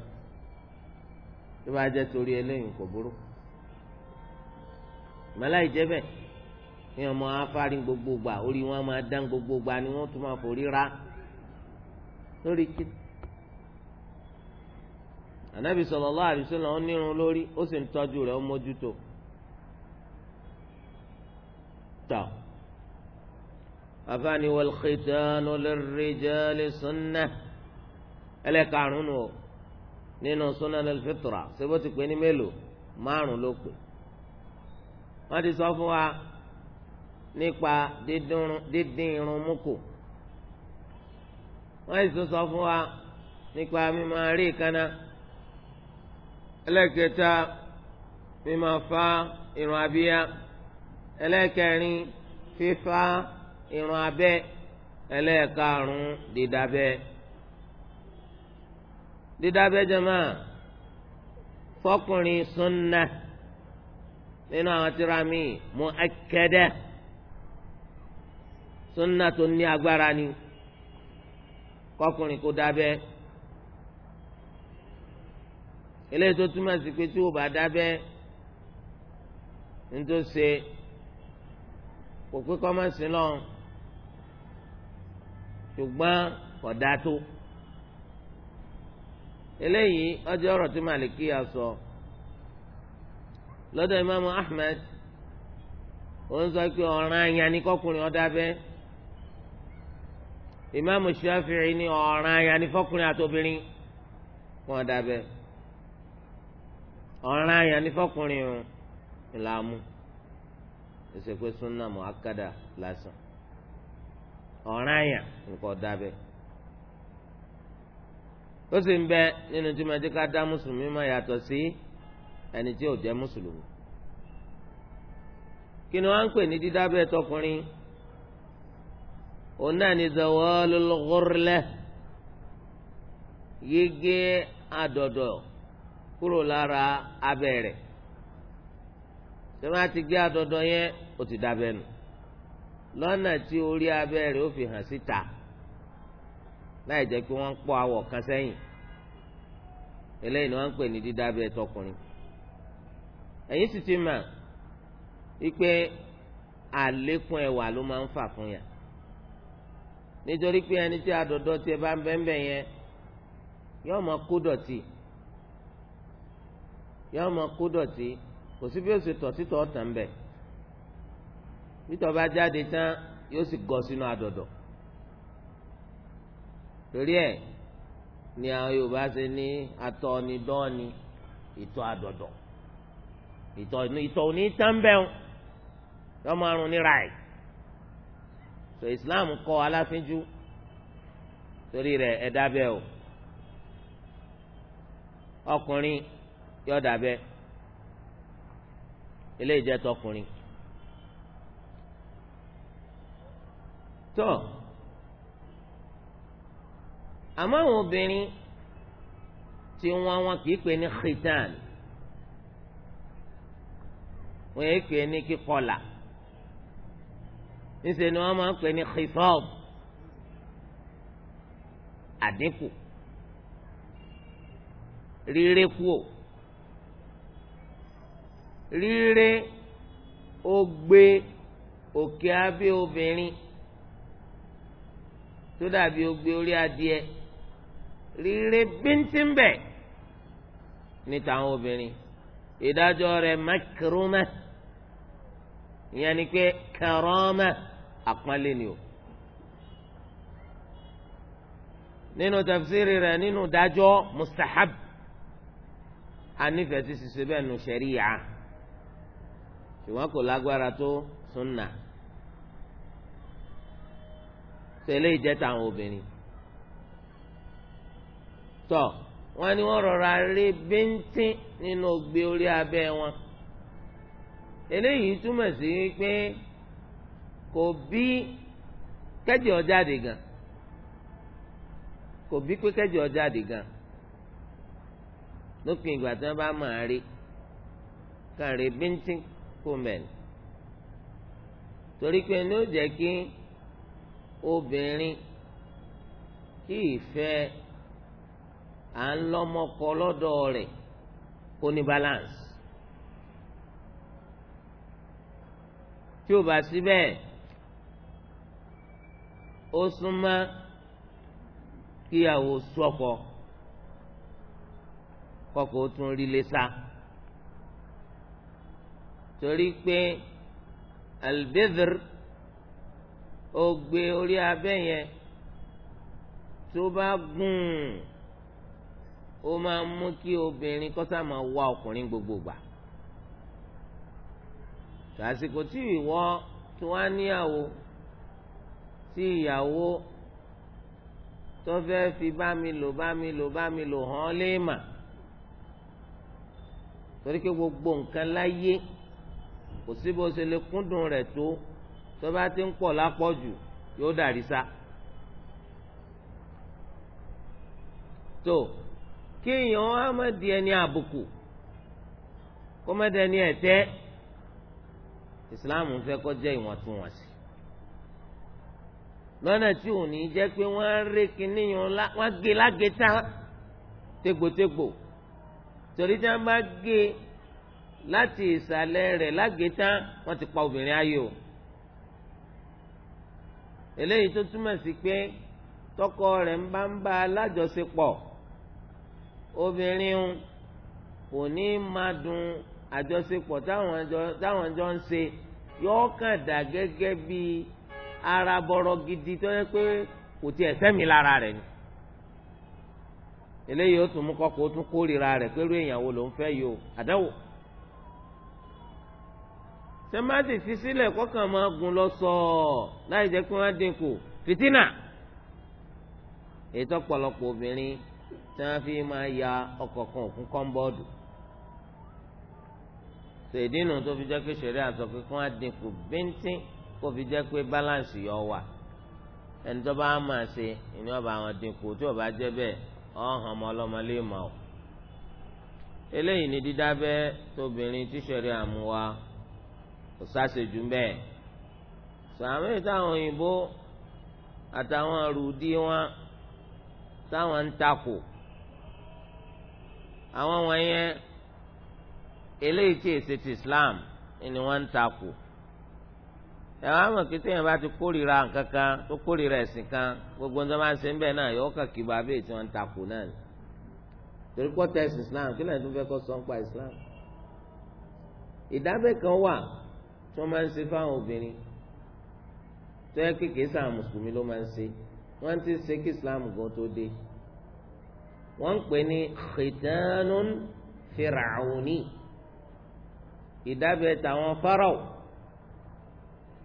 tó bá jẹ́ torí eléyìí kò burú mọláì jẹ́ bẹ́ẹ̀ ní ọmọ afárí gbogbo gbà orí wọn máa dán gbogbo gbà ni wọ́n tún máa forí ra lórí kí anabi sallallahu alaihi wasallam ó nírun lórí ó sì ń tọ́jú rẹ̀ ó mójútó tọ́ afaani wal khitaanu lirrijaali sunna ẹlẹ́karùn-ún nù nínú sunan alfitra ṣé bó ti pè ní mélòó márùn ló pè wọ́n ti sọ fún wa nípa dídín irun mú kù wọ́n sì sọ fún wa nípa mímọ rí ìkànnà ẹlẹ́kẹta mímọ fa irun abíyá ẹlẹ́kẹrin fífa. irun abẹ ẹlẹ́ẹ̀karùn-ún dídábẹ́ dídábẹ́ jama fọkùnrin sunna nínú àwọn tíra mi mu akẹ́dẹ́ sunna tó ní agbára ni kọkùnrin kó dábẹ́ eléyìí tó túmọ̀ sí pé tí o bá dábẹ́ nítòsí kò pé kọ́ mọ́ sí lọ́hùn. ṣùgbọ́n ọ̀dà tó eléyìí ọjọ́ ọ̀rọ̀ tí màlìkíyà sọ lọ́dọ̀ ìmáàmù Ahmed ń sọ pé ọ̀ràn àyàn ni kọkùnrin ọ̀dà bẹ́ẹ̀ ìmáàmù Shafi'i ni ọ̀ràn àyàn ni fọkùnrin àtobìnrin kún ọ̀dà bẹ́ẹ̀ ọ̀ràn àyàn ni fọkùnrin ọ̀ràn àyàn nǹkan dábẹ́ ó sì ń bẹ nínú tí máa jẹ́ ká dá mùsùlùmí mọ̀ yàtọ̀ sí ẹni tí ò jẹ́ mùsùlùmí kí ni wọ́n ń pè ní dídábẹ́ tọkùnrin òun náà ní zawalul ghurlah yege àdọ̀dọ̀ kúrò lára ti gé àdọ̀dọ̀ yẹn o ti lọ́nà tí orí abẹ́ rẹ̀ ó fi hàn síta láì jẹ́ pé wọ́n ń pọ́ awọ̀ kan sẹ́yìn eléyìí ni wọ́n ń pè ní dídábẹ́ tọkùnrin ẹ̀yin sì ti mà wípé àlékún ẹwà ló máa ń fà fún yà nítorí pé ẹni tí adọ̀dọ̀ tiẹ̀ bá ń bẹ́ńbẹ́ yẹn yóò máa kó dọ̀tí yóò máa kó dọ̀tí kò sí bí ó ṣe tọ̀ sí tọ̀ ọ̀tàn bẹ́ẹ̀. nítorí bá jáde tán yóò sì gọ sínú àdọ̀dọ̀ torí ẹ̀ ni àwọn Yorùbá ṣe ní atọ́nidọ́ni ìtọ̀ àdọ̀dọ̀ ìtọ̀ ìtọ̀ òní tánbẹ́hùn lọ́mọ arún ní ráì so Islam kọ́ aláfínjú torí rẹ̀ ẹ̀ dábẹ́ o ọkùnrin yóò dábẹ́ eléyìí jẹ́ tọkùnrin. tó àmọ́ àwọn obìnrin tí wọ́n wọn kì í pè ní khitan wọ́n yẹ pè ní kíkọlà níṣẹ́ ni wọ́n máa ń pè ní khisab àdínkù ríré kúò ríré ó gbé òkè abẹ́ obìnrin tó dàbí ogbe orí adìẹ rírẹ bíntín bẹ ní tàwọn obìnrin ìdájọ́ rẹ̀ mẹkìrúmẹ ìyẹn ni pé kẹrọmẹ àpọ́nlé ni o nínú tafsiri rẹ̀ nínú dájọ́ mustahab anífẹ̀ẹ́ ti ṣiṣẹ́ nù sẹ́ríyà ṣùgbọ́n kò lágbára tó sunna tẹ̀lé ìjẹta àwọn obìnrin tọ wọn ni wọn rọra rí bíntín nínú ogbe orí abẹ́ wọn eléyìí túmọ̀ sí pé kò bí kẹ́jì ọ̀jáde gan kò bí pé kẹ́jì ọ̀jáde gan lópin ìgbà tí wọ́n bá máa rí kàn rí bíntín kò mẹ́rin torí pé ní ó jẹ́ kí obìnrin kí ìfẹ́ à ń lọ́mọkọ lọ́dọ̀ rẹ̀ kó ní balance. tí o bá síbẹ̀ ó súnmọ́ kíyàwó sọ́kọ kọ́kọ́ ó tún rí lẹ́sà torí pé albedr ó gbé orí abẹ́ yẹn tó bá gùn ó máa mú kí obìnrin kọ́sà máa wá ọkùnrin gbogbo gbà àsìkò tí ìwọ tó wá níyàwó tí ìyàwó tó fẹ́ fi bá mi lò bá mi lò bá mi lò hàn lè mà torí pé gbogbo nǹkan láyé kò sí bó ṣe lè kúndùn rẹ̀ tó tó bá ti ń pọ̀ lápọ̀jù yóò dàrí sá. tó kéèyàn á má di ẹni àbùkù kó má di ẹni ẹ̀tẹ́ ìsìláàmù fẹ́ kó jẹ́ ìwọ̀ntúnwọ̀nsì lọ́nà tí ò ní jẹ́ pé wọ́n á rí kinní yẹn wọ́n gé lágétá tégbòtégbò torí tí wọ́n bá gé láti ìsàlẹ̀ rẹ̀ lágétá wọ́n ti pa obìnrin ayé o eléyìí tó túmọ̀ sí pé tọkọ rẹ̀ ń bá ń bá alájọṣepọ̀ obìnrin ń kò ní máa dùn àjọṣepọ̀ táwọn jọ ń ṣe yóò kàn dà gẹ́gẹ́ bí ara bọ̀rọ̀ gidi tó yẹ pé kò tiẹ̀ sẹ́mi lára rẹ̀ ni eléyìí ó tún mú kọ́kọ́ ó tún kórìíra rẹ̀ pẹ̀lú èèyàn ló ń fẹ́ yìí o àdáwò tẹ́mátì fi sílẹ̀ kọ́kàn máa gùn lọ sọ̀ọ́ láì jẹ́ pé wọ́n á dínkù fìtínà ètò ọ̀pọ̀lọpọ̀ obìnrin tí wọ́n fi máa ya ọkọ̀ kan òkun kọ́ńbọ́ọ̀dù sèdínù tó fi jẹ́ pé sẹ̀rí àtọ̀ pé kí wọ́n á dínkù bíntín kó fi jẹ́ pé báláǹsì yọ wà ẹni tó bá máa ṣe ìní ọba àwọn dínkù tí ò bá jẹ́ bẹ́ẹ̀ ọmọ ọlọ́mọ lè mọ̀ ọ́ eléyìí ni dídábẹ́ tóbìnrin tíṣẹ̀rí àmúwa kò sáṣejù bẹ́ẹ̀ sàmì táwọn òyìnbó àtàwọn rùdí wọn táwọn ń takò àwọn wọ̀nyẹn eléyìí tí èsì ti Islam ni wọ́n ń takò ẹ̀wọ̀n àmọ̀ kí téèyàn bá ti kórìíra nǹkan kan tó kórìíra ẹ̀sìn kan gbogbo nǹkan máa ń ṣe ń bẹ̀ náà yọ̀ọ́ kàkì bá bẹ́ẹ̀ tí wọ́n ń takò náà ni torí pọ́ tẹ́sí Islam kí lóyún tó fẹ́ kọ́ sọ́ńpa Islam ìdábẹ́ kan wà tó máa ń ṣe fáwọn obìnrin tó yẹ kéèké sáà mùsùlùmí ló máa ń ṣe wọ́n ti ṣe kí islam gan tó dé wọ́n ń pè ní khitanun firauni ìdábẹ́ tàwọn farao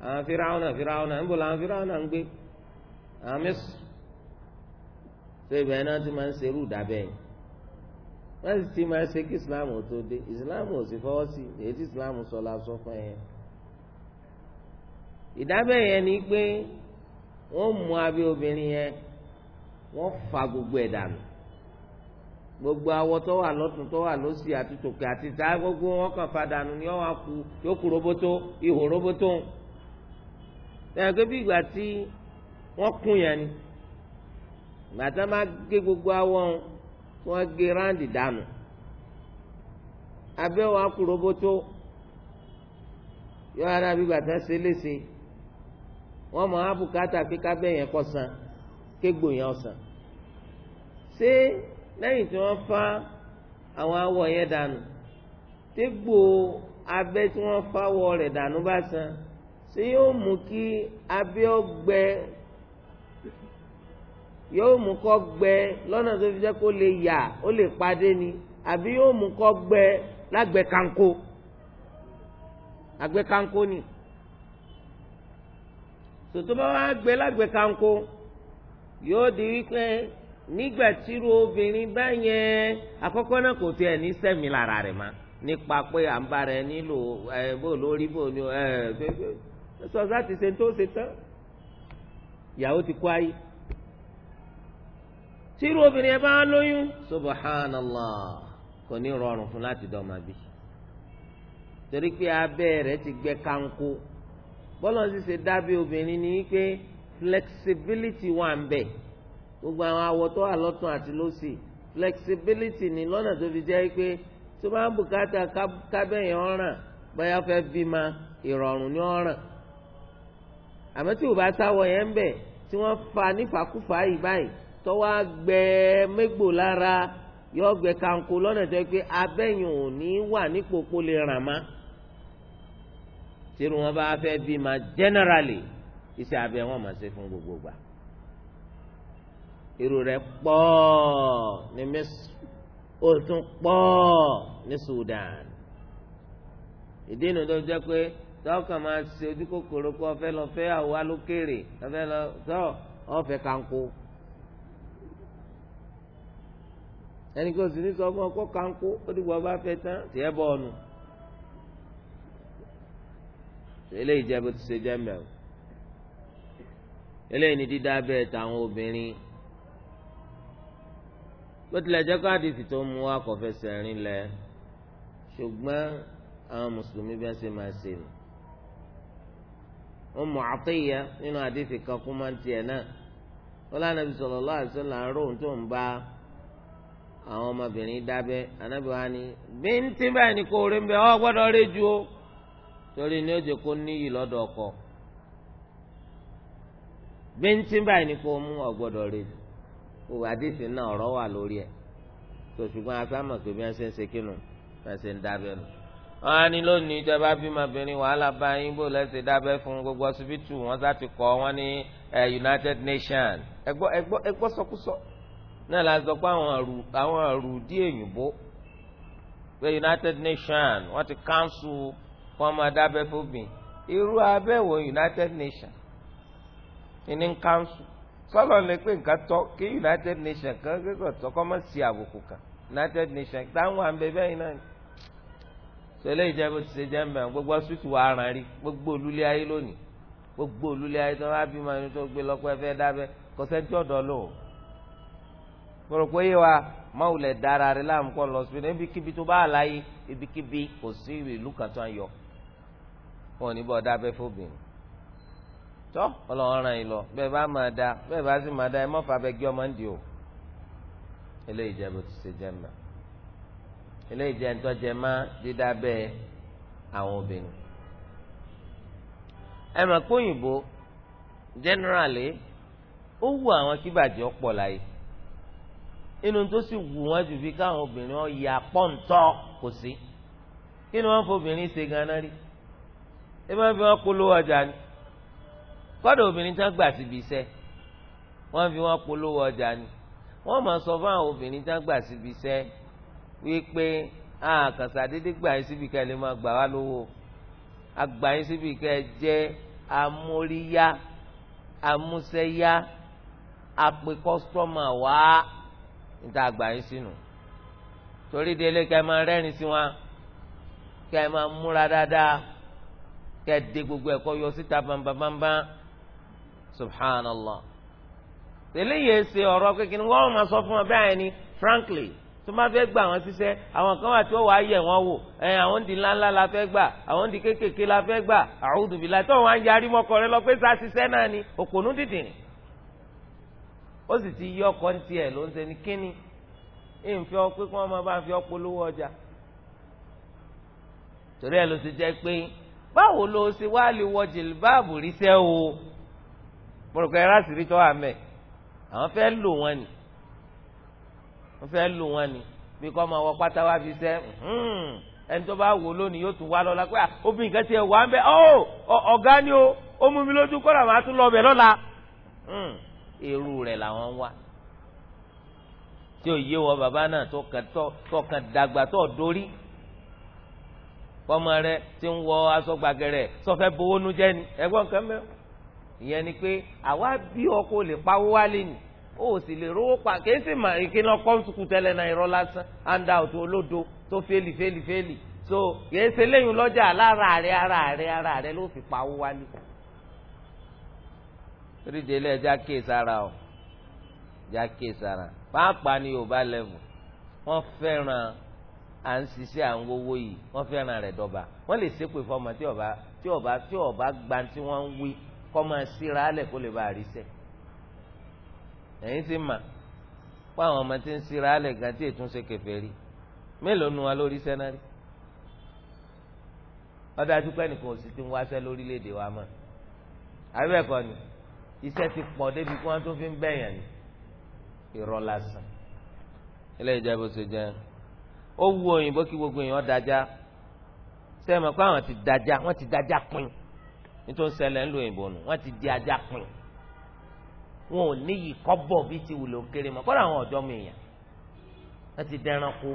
àwọn firauna firauna níbo làwọn firauna ń gbé àwọn mẹsù tó ibẹ̀ náà ti máa ń ṣerú ìdábẹ́ yìí wọ́n sì ti máa ṣe kí islam tó dé islam ò sì fọwọ́ sí èyí tí islam sọ la sọ fún yẹn ìdábẹ́ yẹn ni pé wọ́n mú abẹ́ obìnrin yẹn wọ́n fa gbogbo ẹ̀ dànù gbogbo awọ tó wà lọ́tún tó wà lọ́sì àti tòkè àti tá gbogbo wọn kàn fa dànù ni wọ́n wá ku yóò kú roboto ihò roboto ẹ̀yìn bí ìgbà tí wọ́n kún yẹn ni ìgbà tí wọ́n bá gé gbogbo awọ wọn gé ráǹdì dànù abẹ́ wọn kú roboto yóò ara bí ìgbà tí wọ́n ṣe léṣe wọ́n mọ abùkátà pé kábẹ́ yẹn kọ́ san kégbò yẹn ọ̀sán ṣé lẹ́yìn tí wọ́n fa àwọn awọ yẹn dànù tégbò abẹ́ tí wọ́n fáwọ rẹ̀ dànù bá san ṣé yóò mú kí abẹ́ ọgbẹ yóò mú kọ́ gbẹ lọ́nà tó fi jẹ́ kó lè yà ó lè padé ni àbí yóò mú kọ́ gbẹ lágbẹ kanko àgbẹ kanko ni. tòtò bá gbé lágbè kanko yóò di wípé nígbà tíru obìnrin bá yẹn àkọ́kọ́ náà kò tiẹ̀ ní sẹ́mi lára ma nípa pé à ń bára ẹ nílò ẹ bó lórí bó ni ẹ sọsá ti ṣe ti kó ayé tíru obìnrin yẹn bá lóyún subhanallah kò ní rọrùn fún láti dọ́ọ̀mà bí torí pé ti gbẹ kanko. bọ́lọ̀ sì ṣe dábìí obìnrin ni pé flexibility wà ń bẹ̀ gbogbo àwọn awọ tó wà lọ́tún àti lọ́sì flexibility ni lọ́nà tó fi jẹ́ pé tó bá ń bùkátà kábẹ́yìn ọ̀ràn bóyá fẹ́ bímọ ìrọ̀rùn ní ọ̀ràn àmọ́ tí ò bá sáwọ̀ yẹn ń bẹ̀ tí wọ́n fa nífàkúfà yìí báyìí tọ́wọ́ gbẹ mégbò lára yọ gbẹ kanko lọ́nà tó yẹ pé abẹ́yìn ò ní wà nípò kó lè ràn má tírú wọn bá fẹ́ bí ma generally iṣẹ́ abẹ wọn máa ṣe fún gbogbo gbà irú rẹ̀ pọ̀ ní Misr ó tún pọ̀ ní Sudan ìdí inú tó jẹ́ pé tọkàn máa ṣe ojú kòkòrò kó ọfẹ lọ fẹ́ àwa lókèrè ọfẹ lọ tọ ọfẹ kanko ẹnì kan sì ní sọ fún ọkọ kanko ó dìgbò ọba fẹ́ tán tiẹ̀ bọ ọnu. eléyìí jẹ́ bó ti ṣe jẹ́ mẹ́rin eléyìí ni dídá abẹ́ tàwọn obìnrin bó tilẹ̀ jẹ́ kó àdìsí tó mú wa kò fẹsẹ̀ rìn lẹ̀ ṣùgbọ́n àwọn mùsùlùmí bẹ́ẹ̀ ṣe máa ṣe nù Ummu Atiyya nínú àdìsí kan kú máa tiẹ̀ náà wọ́n lánàá Nabi sallallahu alaihi àárọ̀ tó ń ni bí ń tí ọ gbọ́dọ̀ rí torí ní ojú kó níyì lọ́dọ̀ ọkọ bíntín báyìí ni kò mú ọgbọ́dọ̀ rẹ̀ o àdìsí náà ọ̀rọ̀ wà lórí ẹ̀ tó ṣùgbọ́n asámọ̀ pé bí wọ́n ṣe ń ṣe kínú wọ́n ṣe ń dábẹ́ nù. wọ́n á ní lónìí ìjọba bímọbìnrin wàhálà bá yín bò lẹ́sẹ̀ dábẹ́ fún gbogbo ọsibítù wọ́n sá ti kọ́ ní United Nations ẹgbọ́ ẹgbọ́ ẹgbọ́ sọkúsọ náà la sọ pé àwọn àrù àwọn àrù dí èyìnbó pé United Nations wọ́n ti council wọ́n máa dábẹ́ fóbìn irú abẹ́wò United Nations ní council sọlọ lè pé nǹkan tọ́ kí United Nations kan kékeré tọ́ kọ́ mọ̀ sí àbùkù kan United Nations táwọn àmì bẹ́ẹ̀ yìí náà ni sọlẹ́ ìjẹ́ bó ti ṣe jẹ́ mẹ́rin gbogbo ọ̀sùtù wa aràn rí gbogbo olúlé ayé lónìí gbogbo olúlé ayé tó wá bí ma ní tó gbé lọ́pọ̀ ẹ̀fẹ́ dábẹ́ kò sẹ́jọ́ dọ̀ lóhùn. mo rò wa máwùlẹ̀ dára rẹ láàmú kọ́ lọ sí ibikíbi tó bá àlàyé ibikíbi kò sí ìlú kan tó ń yọ wọn ò ní bọ́ dábẹ́ fóbìnrin tọ́ ọlọ́run ràn yín lọ bẹ́ẹ̀ bá máa da bẹ́ẹ̀ bá sì máa da ẹ mọ́fà bẹ́ẹ̀ gé ọmọ ń di o eléyìí jẹ́ bó ti ṣe jẹ́ mọ́ eléyìí jẹ́ ntọ́ jẹ́ má dídá bẹ́ẹ̀ àwọn obìnrin ẹ mọ̀ pé òyìnbó generally ó wù àwọn kí bàjẹ́ ọ̀pọ̀ láyé inú tó sì wù wọ́n jù bí káwọn obìnrin ọ̀ yà pọ́ǹtọ́ kò sí kí ni wọ́n fobìnrin ṣe ganan rí ẹ máa fi wọn polówó ọjà ni kọ́dọ̀ obìnrin tán gbà síbi iṣẹ́ wọ́n fi wọn polówó ọjà ni wọ́n máa sọ fún àwọn obìnrin tán gbà síbi iṣẹ́ wípé àkànṣà dédé gbà yín síbi ká lè máa gbà wá lówó àgbà yín síbi ká jẹ́ amóríyá amúṣẹ́yá àpè kọ́sítọ́mà wá níta àgbà yín sínú torí délé ká máa rẹ́rìn sí wọn ká máa múra dáadáa kẹ́ ẹ dé gbogbo ẹ̀kọ́ yọ síta bambambamba subhanallah eléyìí ẹsẹ ọ̀rọ̀ kékeré ni wọ́n máa sọ fún ọ bẹ́ẹ̀ ni frankly tó máa fẹ́ gbà wọ́n ṣiṣẹ́ àwọn kan wà tí ó wàá yẹ̀ wọ́n wò ẹ àwọn di ńláńlá la fẹ́ gbà àwọn di kéékèèké la fẹ́ gbà a'udhu billahi tó wọn yarí mọ́kọ rẹ lọ pé sá ṣiṣẹ́ náà ni òpònú dìdìn ó sì ti yí ọkọ ní tiẹ̀ ló ń ṣe ní kíni ìǹfẹ́ ọ pé kí wọ́n máa bá fi ọ ọjà torí ẹ̀ ló ti jẹ́ pé báwo ló ṣe wá lè wọ jìlbáàbù ríṣẹ́ o mo rò pé ẹ láti rí tọ́wọ́ àmẹ́ àwọn fẹ́ lò wọ́n ni wọ́n fẹ́ lò wọ́n ni bí kò máa wọ pátá wá fi ṣẹ́ ẹni tó bá wò lónìí yóò tún wá lọ́la pé obìnrin ah, kan ti ẹ̀ ń bẹ́ oh, ọ́ ọ̀gá ni o ó mú mi lójú kọ́ra màá tún lọ bẹ̀ lọ́la èrú rẹ̀ làwọn ń wá tí ò yé wọ bàbá náà tó kàn dàgbà tó dórí kọ́mọ rẹ ti ń wọ aṣọ gbàgẹ̀rẹ̀ sọfẹ́ bowó nu jẹ́ ni ẹ̀gbọ́n nǹkan mẹ́rin ìyẹn ni pé àwa bí ọkọ lè pawó wálé ni ó sì lè rówó pa kì í sì mà kí náà kọ́ńtùkù tẹ́lẹ̀ náà irọ́ lásán àǹdà òtún olódo tó fẹ́lì fẹ́lì fẹ́lì so kì í ṣe lẹ́yìn lọ́jà lára rẹ ara rẹ ara rẹ ló fi pawó wálé. torí délé ẹja kéè sára o ẹja kéè sára pàápàá ni yorùbá lẹ́mù wọ́n fẹ́ràn à ń ṣiṣẹ́ à ń wowó yìí wọ́n fẹ́ràn rẹ̀ dọ́ba wọ́n lè ṣépè fọmọ tí ọba tí ọba tí ọba gba tí wọ́n ń wí kọ́ máa síra alẹ̀ kó lè bá a rí sẹ́ ẹ̀yin ti mà pé àwọn ọmọ tí ń síra alẹ̀ gan tí ètò ń ṣe kẹfẹ́ rí mélòó nu wa lórí sẹ́nárì ọdájú pé nìkan ò sì ti ń wáṣẹ́ lórílẹ̀‐èdè wa mọ́ àbẹ̀kọ ni iṣẹ́ ti pọ̀ débi kí wọ́n tó fi ń bẹ̀yàn ni ìrọ̀ lásán ilé ìjẹ́bù jẹun ó wu òyìnbó kí gbogbo èèyàn dájá sẹ́yìn mọ̀ pé àwọn ti dájá wọ́n ti dájá pin nítorí ṣẹlẹ̀ ńlò òyìnbó nù wọ́n ti di ajá pin wọn ò níyì kọ́bọ̀ bíi ti wùlò kéré mọ́ kọ́ra àwọn ọ̀dọ́ mi èèyàn wọ́n ti dẹranko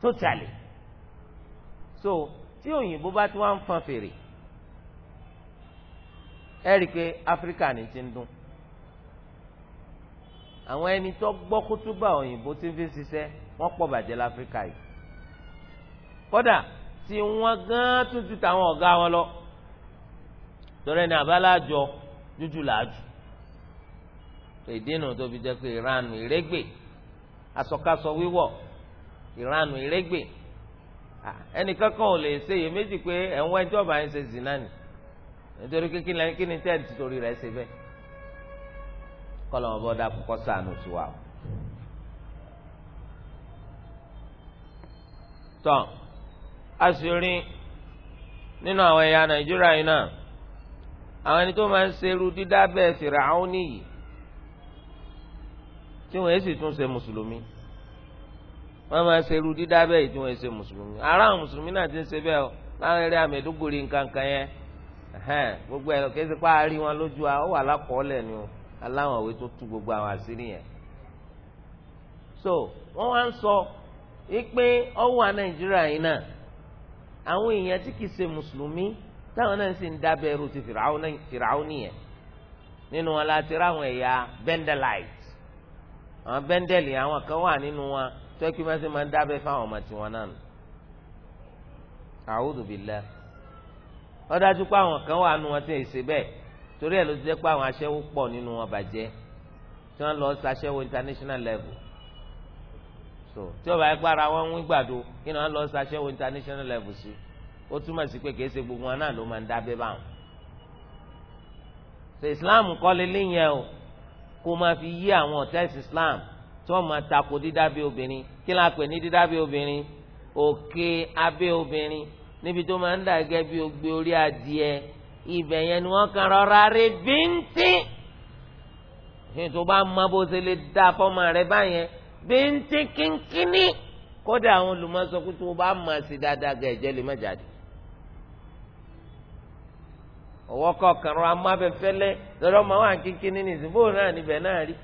tó tàlẹ̀ so tí òyìnbó bá ti wá ń fan fèrè ẹ rí i pé áfíríkà ni ti ń dún àwọn ẹni tó gbọ́ kútúbà òyìnbó ti fi ṣiṣẹ́ wọ́n pọ̀ bàjẹ́ láfíríkà yìí kódà tí wọ́n gán tuntun táwọn ọ̀gá wọn lọ torí ẹni àbálájọ jújù làájú ìdínà tó fi jẹ́ pé ìranù ìrẹ́gbè asọ̀kasọ wíwọ̀ ìranù ìrẹ́gbè ẹnìkan kan ò lè ṣe iye méjì pé ẹ̀wọ̀n ẹjọ́ bá ń ṣe zina ni nítorí kékeré kí ni tẹ́ẹ̀tì torí rẹ̀ ṣe bẹ́ẹ̀ kọ́ lọ́mọ bọ́ dákú sànù sí tọ́ a sì rí nínú àwọn ẹ̀yà nàìjíríà yìí náà àwọn ẹni tó máa ń serú dídá bẹ́ẹ̀ Fìràwọn nìyí tí wọ́n sì tún ṣe mùsùlùmí wọ́n máa ń serú dídá bẹ́ẹ̀ tí wọ́n ṣe mùsùlùmí ará àwọn mùsùlùmí náà ti ń ṣe bẹ́ẹ̀ o láwọn eré àmẹ́dógòrì nǹkankan yẹn gbogbo ẹ̀ kí ẹ ti pa àárín wọn lójú wa ó wà lákọọ́lẹ̀ ni o aláwọn òwe tó tú gbogbo àwọn àṣírí yẹn so wọ́n wá ń sọ. So, wípé ọwọ́ nàìjíríà yìí náà àwọn èèyàn tí kìí ṣe mùsùlùmí táwọn náà sì ń ti fìràwọ́ nìyẹn nínú wọn la ti ráwọn ẹ̀yà bendelite àwọn bendeli àwọn kan wà nínú wọn tó kí wọ́n máa ń dábẹ́ fáwọn ọmọ tiwọn náà nù. dájú pé àwọn kan wà nínú wọn tí ń ṣe bẹ́ẹ̀ torí ẹ̀ ló ti jẹ́ pé àwọn aṣẹ́wó pọ̀ nínú wọn bàjẹ́ tí wọ́n international level so tí ọba ẹ gbára wọn ń gbàdo kí ni wọn lọ ṣàṣẹwò international level sí ó túmọ̀ sí pé kìí ṣe gbogbo wọn náà ló máa ń dábẹ́ báwọn. so islam kọ́ lélẹ́ yẹn o kó máa fi yí àwọn ọ̀tẹ́sì islam tí wọ́n máa tako dídábẹ́ obìnrin kí ni a pè ní dídábẹ́ obìnrin òkè abẹ́ obìnrin níbi tó máa ń dà gẹ́gẹ́ bí ogbe orí adìẹ ibẹ̀ yẹn ni wọ́n kàn rọra rẹ̀ bíntín. tó mọ bó ṣe lè dá fọ́mọ rẹ̀ báyẹn bẹ́ńtẹ́ kínkínní kódà àwọn olùmọ̀sọ pé tó o bá máa ṣe dáadáa gẹ̀ ẹ̀jẹ̀ lè má jáde. ọwọ́ kọkàn rọra má bẹ fẹ́lẹ́ máa wà kínkínní nìsín bóun náà níbẹ̀ náà rí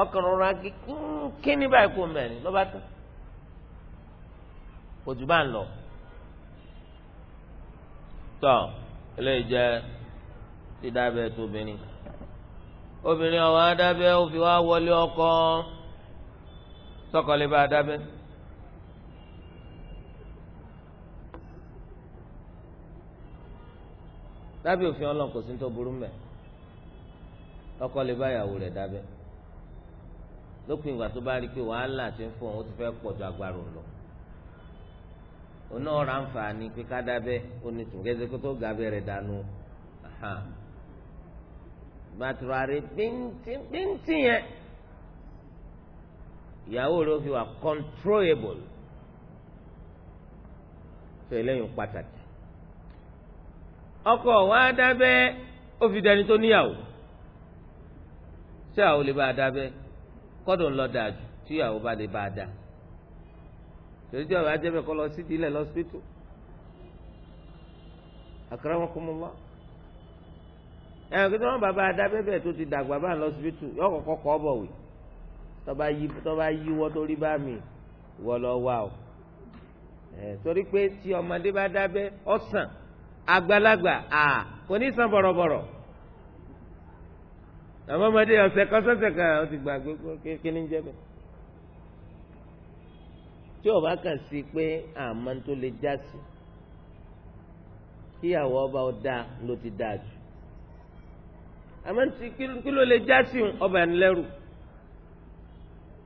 ọkàn rọra kínkínní báyìí kò mẹ́rin lọ́ba tán kò jù bá ń lọ. tọ́ eléyìí fi ọkọ. sọ́kọ̀ bá a dábẹ́. lábẹ́ òfin ọlọ́run kò sí tó burú mẹ́ ọkọ bá ìyàwó rẹ̀ dábẹ́ lópin ìgbà tó bá rí i pé wàhálà ti ń fún òun ti fẹ́ pọ̀ ju agbára òun lọ òun náà ra pé ká dábẹ́ ìyàwó rẹ ó fi wà controllable tó eléyìí pàtàkì ọkọ wa dábẹ́ ó fi dẹni tó níyàwó ṣé àwọn olè bá dábẹ́ kọ́dọ̀ ńlọ dáa jù tí ìyàwó bá lè bá a dá torí tí ọ̀rọ̀ ajẹ́bẹ̀ kọ́ lọ sídìí ilẹ̀ lọ́sípítù akramakumullah ẹ̀rọ kí tí wọ́n bàbá adábẹ́bẹ̀ tó ti dàgbà bá lọ́sípítù yọ kọ́kọ́ kọ́ bọ̀ wì tọba yí tọba yíwọ́ torí bá mi wọ́ lọ wá o ẹ torí pé tí ọmọdé bá dábẹ́ ọ̀sán àgbàlagbà à kò ní sàn bọ̀rọ̀bọ̀rọ̀ àwọn ọmọdé ọ̀sẹ̀ kan sọ̀sẹ̀ kan ó ti gbàgbé kíní jẹ́ bẹ́ẹ̀ tí o bá sí pé àmọ́ tó lè já sí kíyàwó ọba ọ̀dà ló ti dáa jù àmọ́ kí ló lè já sí ọba ẹni lẹ́rù.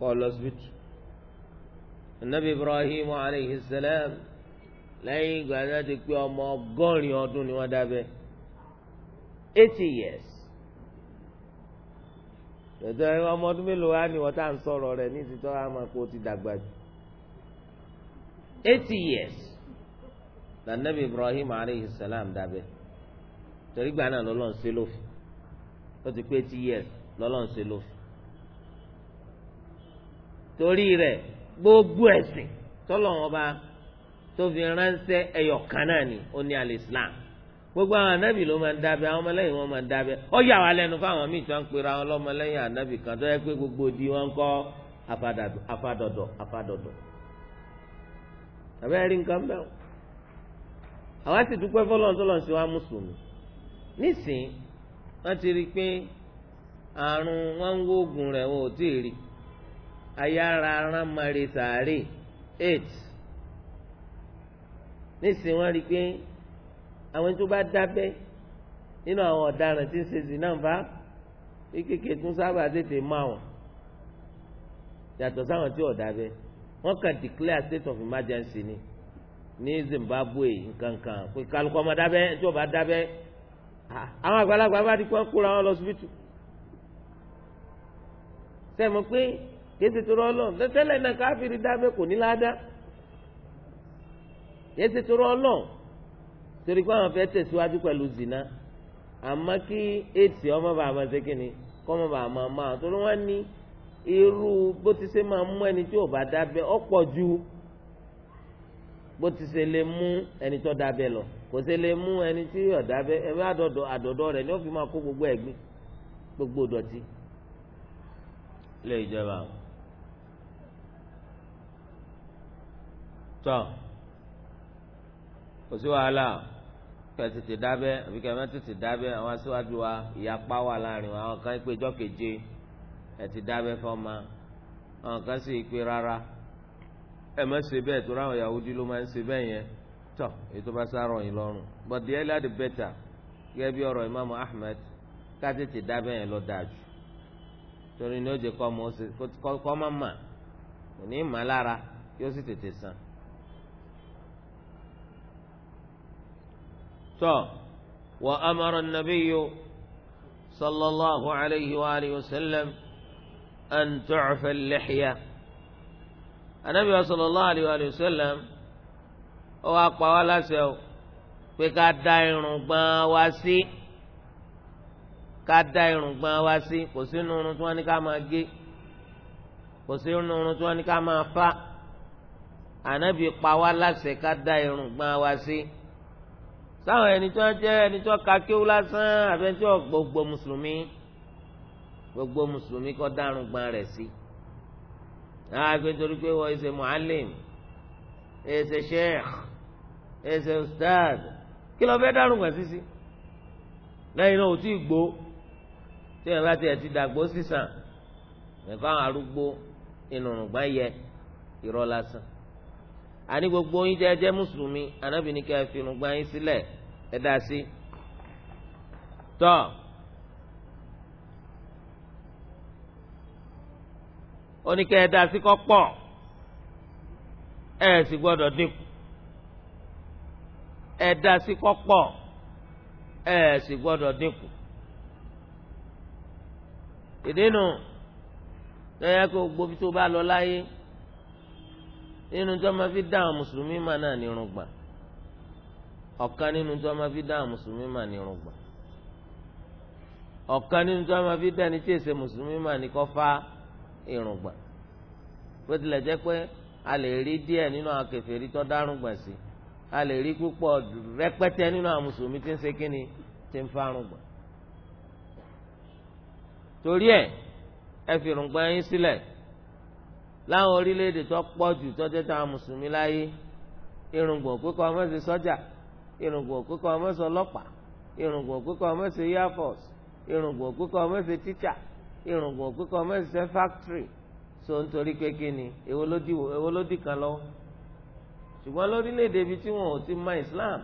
kọ́ ọ lọ síbítù anabi ibrahim alayhi salam lẹ́yìn ìgbà náà ti pé ọmọ ọgọ́rin ọdún ni wọ́n dábẹ́ eighty years tẹ̀tẹ̀ ọmọ ọdún mélòó wá ní wọ́n tá à ń sọ̀rọ̀ rẹ̀ ní ìsìtọ́ àmọ́ kó o ti dàgbà jù eighty years la nabi ibrahim alayhi salam dábẹ́ torí gbà náà lọ́lọ́run ṣe lófin ó ti pé eighty years lọ́lọ́run ṣe lófin. torí rẹ gbogbo ẹsìn tọ́lọ́run ọba tó fi ránṣẹ́ ẹyọ kan náà ni gbogbo àwọn anábì ló máa ń dábẹ́ àwọn ọmọlẹ́yìn wọn máa ń dábẹ́ ó yà wá lẹ́nu fáwọn míì tí wọ́n ń pera àwọn anábì kan tó yẹ pé gbogbo di wọn kọ afadọdọ afadọdọ àbẹ́rẹ́ rí nǹkan bẹ́ẹ̀ àwa sì dúpẹ́ fọlọ́n wa mùsùlùmí nísìnyí wọ́n ti rí i pé àrùn ayára aránmọ́re sàárè eight nísìnyí wọ́n rí i pé àwọn tó bá dábẹ́ nínú àwọn ọ̀daràn tí ń ṣe zì náà bá bí kékeré tún sábà tètè mọ àwọn yàtọ̀ sáwọn tí ò dábẹ́ wọ́n kàn declare state of emergency ni ní Zimbabwe nkankan pé kálukọ́ ọmọ dábẹ́ tí ò bá dábẹ́ àwọn àgbàlagbà bá ti kọ́ kóra wọn lọ síbítù sẹ́mi pé yéésì tó rọlọ́n tẹ́lẹ̀ náà káfíìrì dábẹ kò ní ládàá yéésì tó rọlọ́n torí pé àwọn fẹẹ tẹ̀síwájú pẹ̀lú zina àmọ́ kí èsì ọmọ bàá máa ṣe kíni kọmọ bàá máa máa wọn ní irú bó ti ṣe máa mú ẹni tí ò bá dábẹ ọ̀pọ̀ ju bó ti ṣe lè ẹni tó lọ kò ṣe lè ẹni tí ò ni ó fi máa kó gbogbo gbogbo dọ̀tí lè jẹba tọ́ kò sí wàhálà kẹ tètè dábẹ́ àbí kẹ má tètè dábẹ́ àwọn aṣíwájú wa ìyapa wà láàrin àwọn kan pé ìjọ keje ẹ ti dábẹ́ fọ́mọ àwọn kan sì pé rárá ẹ má ṣe bẹ́ẹ̀ tó ráwọn Yahudi ló máa ń ṣe bẹ́ẹ̀ yẹn tọ́ ètò bá sá rọyìn lọ́rùn but the earlier the better gẹ́gẹ́ bí ọ̀rọ̀ Imaamu Ahmed ká tètè dábẹ́ yẹn lọ dájú torí ní ó jẹ kọ́ ọmọ mà kò ní mà lára yóò sì tètè sàn. tọ́ wa amara an-nabiyyu sallallahu alayhi wa alihi wa sallam an tu'fa al-lihya anabi wa sallallahu alayhi wa alihi wa sallam ó wá pa wá láṣẹ o pé ká da irùngbọ̀n wa sí ká da irùngbọ̀n wa sí kò sínú irun tí wọ́n ní ká máa gé kò sí irun irun tí ní ká máa fá anabi pa wá láṣẹ ká da irùngbọ̀n wa sí. Si sáwọn ẹni tí wọ́n jẹ́ ẹni tí wọ́n ka kéwú lásán àbí ẹni tí wọ́n gbogbo mùsùlùmí gbogbo mùsùlùmí kọ́ dárun gbọ́n rẹ̀ sí. àgbẹ̀ torí pé wọ́n ṣe mu'allim ṣe sheikh ṣe ustad kí ló fẹ́ dárun gbọ́n sí sí. lẹ́yìn náà ò tí ì gbó tí wọ́n bá tiẹ̀ ti dàgbó sísàn ẹ̀fọ́ àwọn arúgbó ìnùrùngbọ́n yẹ irọ́ lásán. àní gbogbo yín jẹ́ jẹ́ mùsùlùmí anábìíní kẹ́ fi irùngbọ̀n Si ẹ dá sí tọ́ oníkẹ́ ẹ dá sí kọ́ pọ̀ ẹ sì gbọ́dọ̀ dínkù ẹ dá sí kọ́ pọ̀ ẹ sì gbọ́dọ̀ dínkù ìdínú lọ́yà kó gbóbi tó bá lọ láyé nínú tó máa fi dá mùsùlùmí mà náà nírun gbà ọ̀kan nínú tí wọ́n máa fi dá àwọn mùsùlùmí mà ní irùngbọ̀n ọ̀kan nínú tí wọ́n máa fi dá ẹni tí èsè mùsùlùmí mà ní kọ́ fá irùngbọ̀n bó tilẹ̀ jẹ́ pé a lè rí díẹ̀ nínú àwọn kèfèrí tó dárùngbọ̀n sí a lè rí púpọ̀ rẹpẹtẹ nínú àwọn mùsùlùmí tí ń ṣe ni tí ń fárùngbọ̀n torí ẹ̀ ẹ fi irùngbọ̀n yín sílẹ̀ láwọn orílẹ̀-èdè tó pọ̀ jù tó jẹ́ táwọn mùsùlùmí láyé irùngbọ̀n pé kọ́ ọmọ irùngbọ̀n òkúkọ ọmọ sọ ọlọ́pàá irùngbọ̀n òkúkọ ọmọ sọ air force irùngbọ̀n òkúkọ ọmọ sọ teacher irùngbọ̀n òkúkọ ọmọ sọ factory so nítorí pé kí ni èwo ló dì kan lọ ṣùgbọ́n lórílẹ̀‐èdè ibi tí wọn ò ti mọ Islam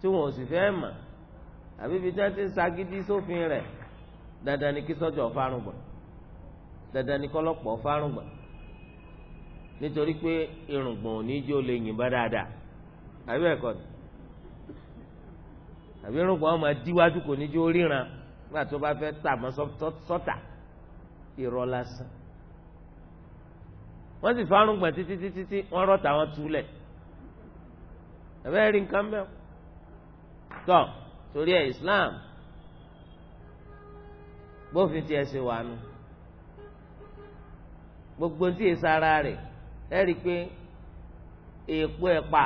tí wọn ò sì fẹ́ mọ̀ àbí ibi tí wọ́n ti ń sagídí sófin rẹ̀ dandan ni kí sọ́jọ́ fárùngbọ̀n dandan ni kọ́lọ́pọ̀ fárùngbọ̀n nítorí pé irùngbọ̀n ò jó lè yìnbọn dáadáa àbí ẹ̀kọ́ ni àbí irùngbọ̀n ọmọ díwájú kò ní jó ríran nígbà tó bá fẹ́ tà mọ́ sọ́tà irọ́ lásán wọ́n sì fárùngbọ̀n títí títí tí wọ́n rọ́ tàwọn túlẹ̀ ẹ̀fẹ́ rí nǹkan mẹ́wọ́ tọ́ torí ẹ̀ Islam bófin tiẹ̀ ṣe wà nù gbogbo tí èsì ara rẹ̀ ẹ̀ rí pé èèpo ẹ̀pà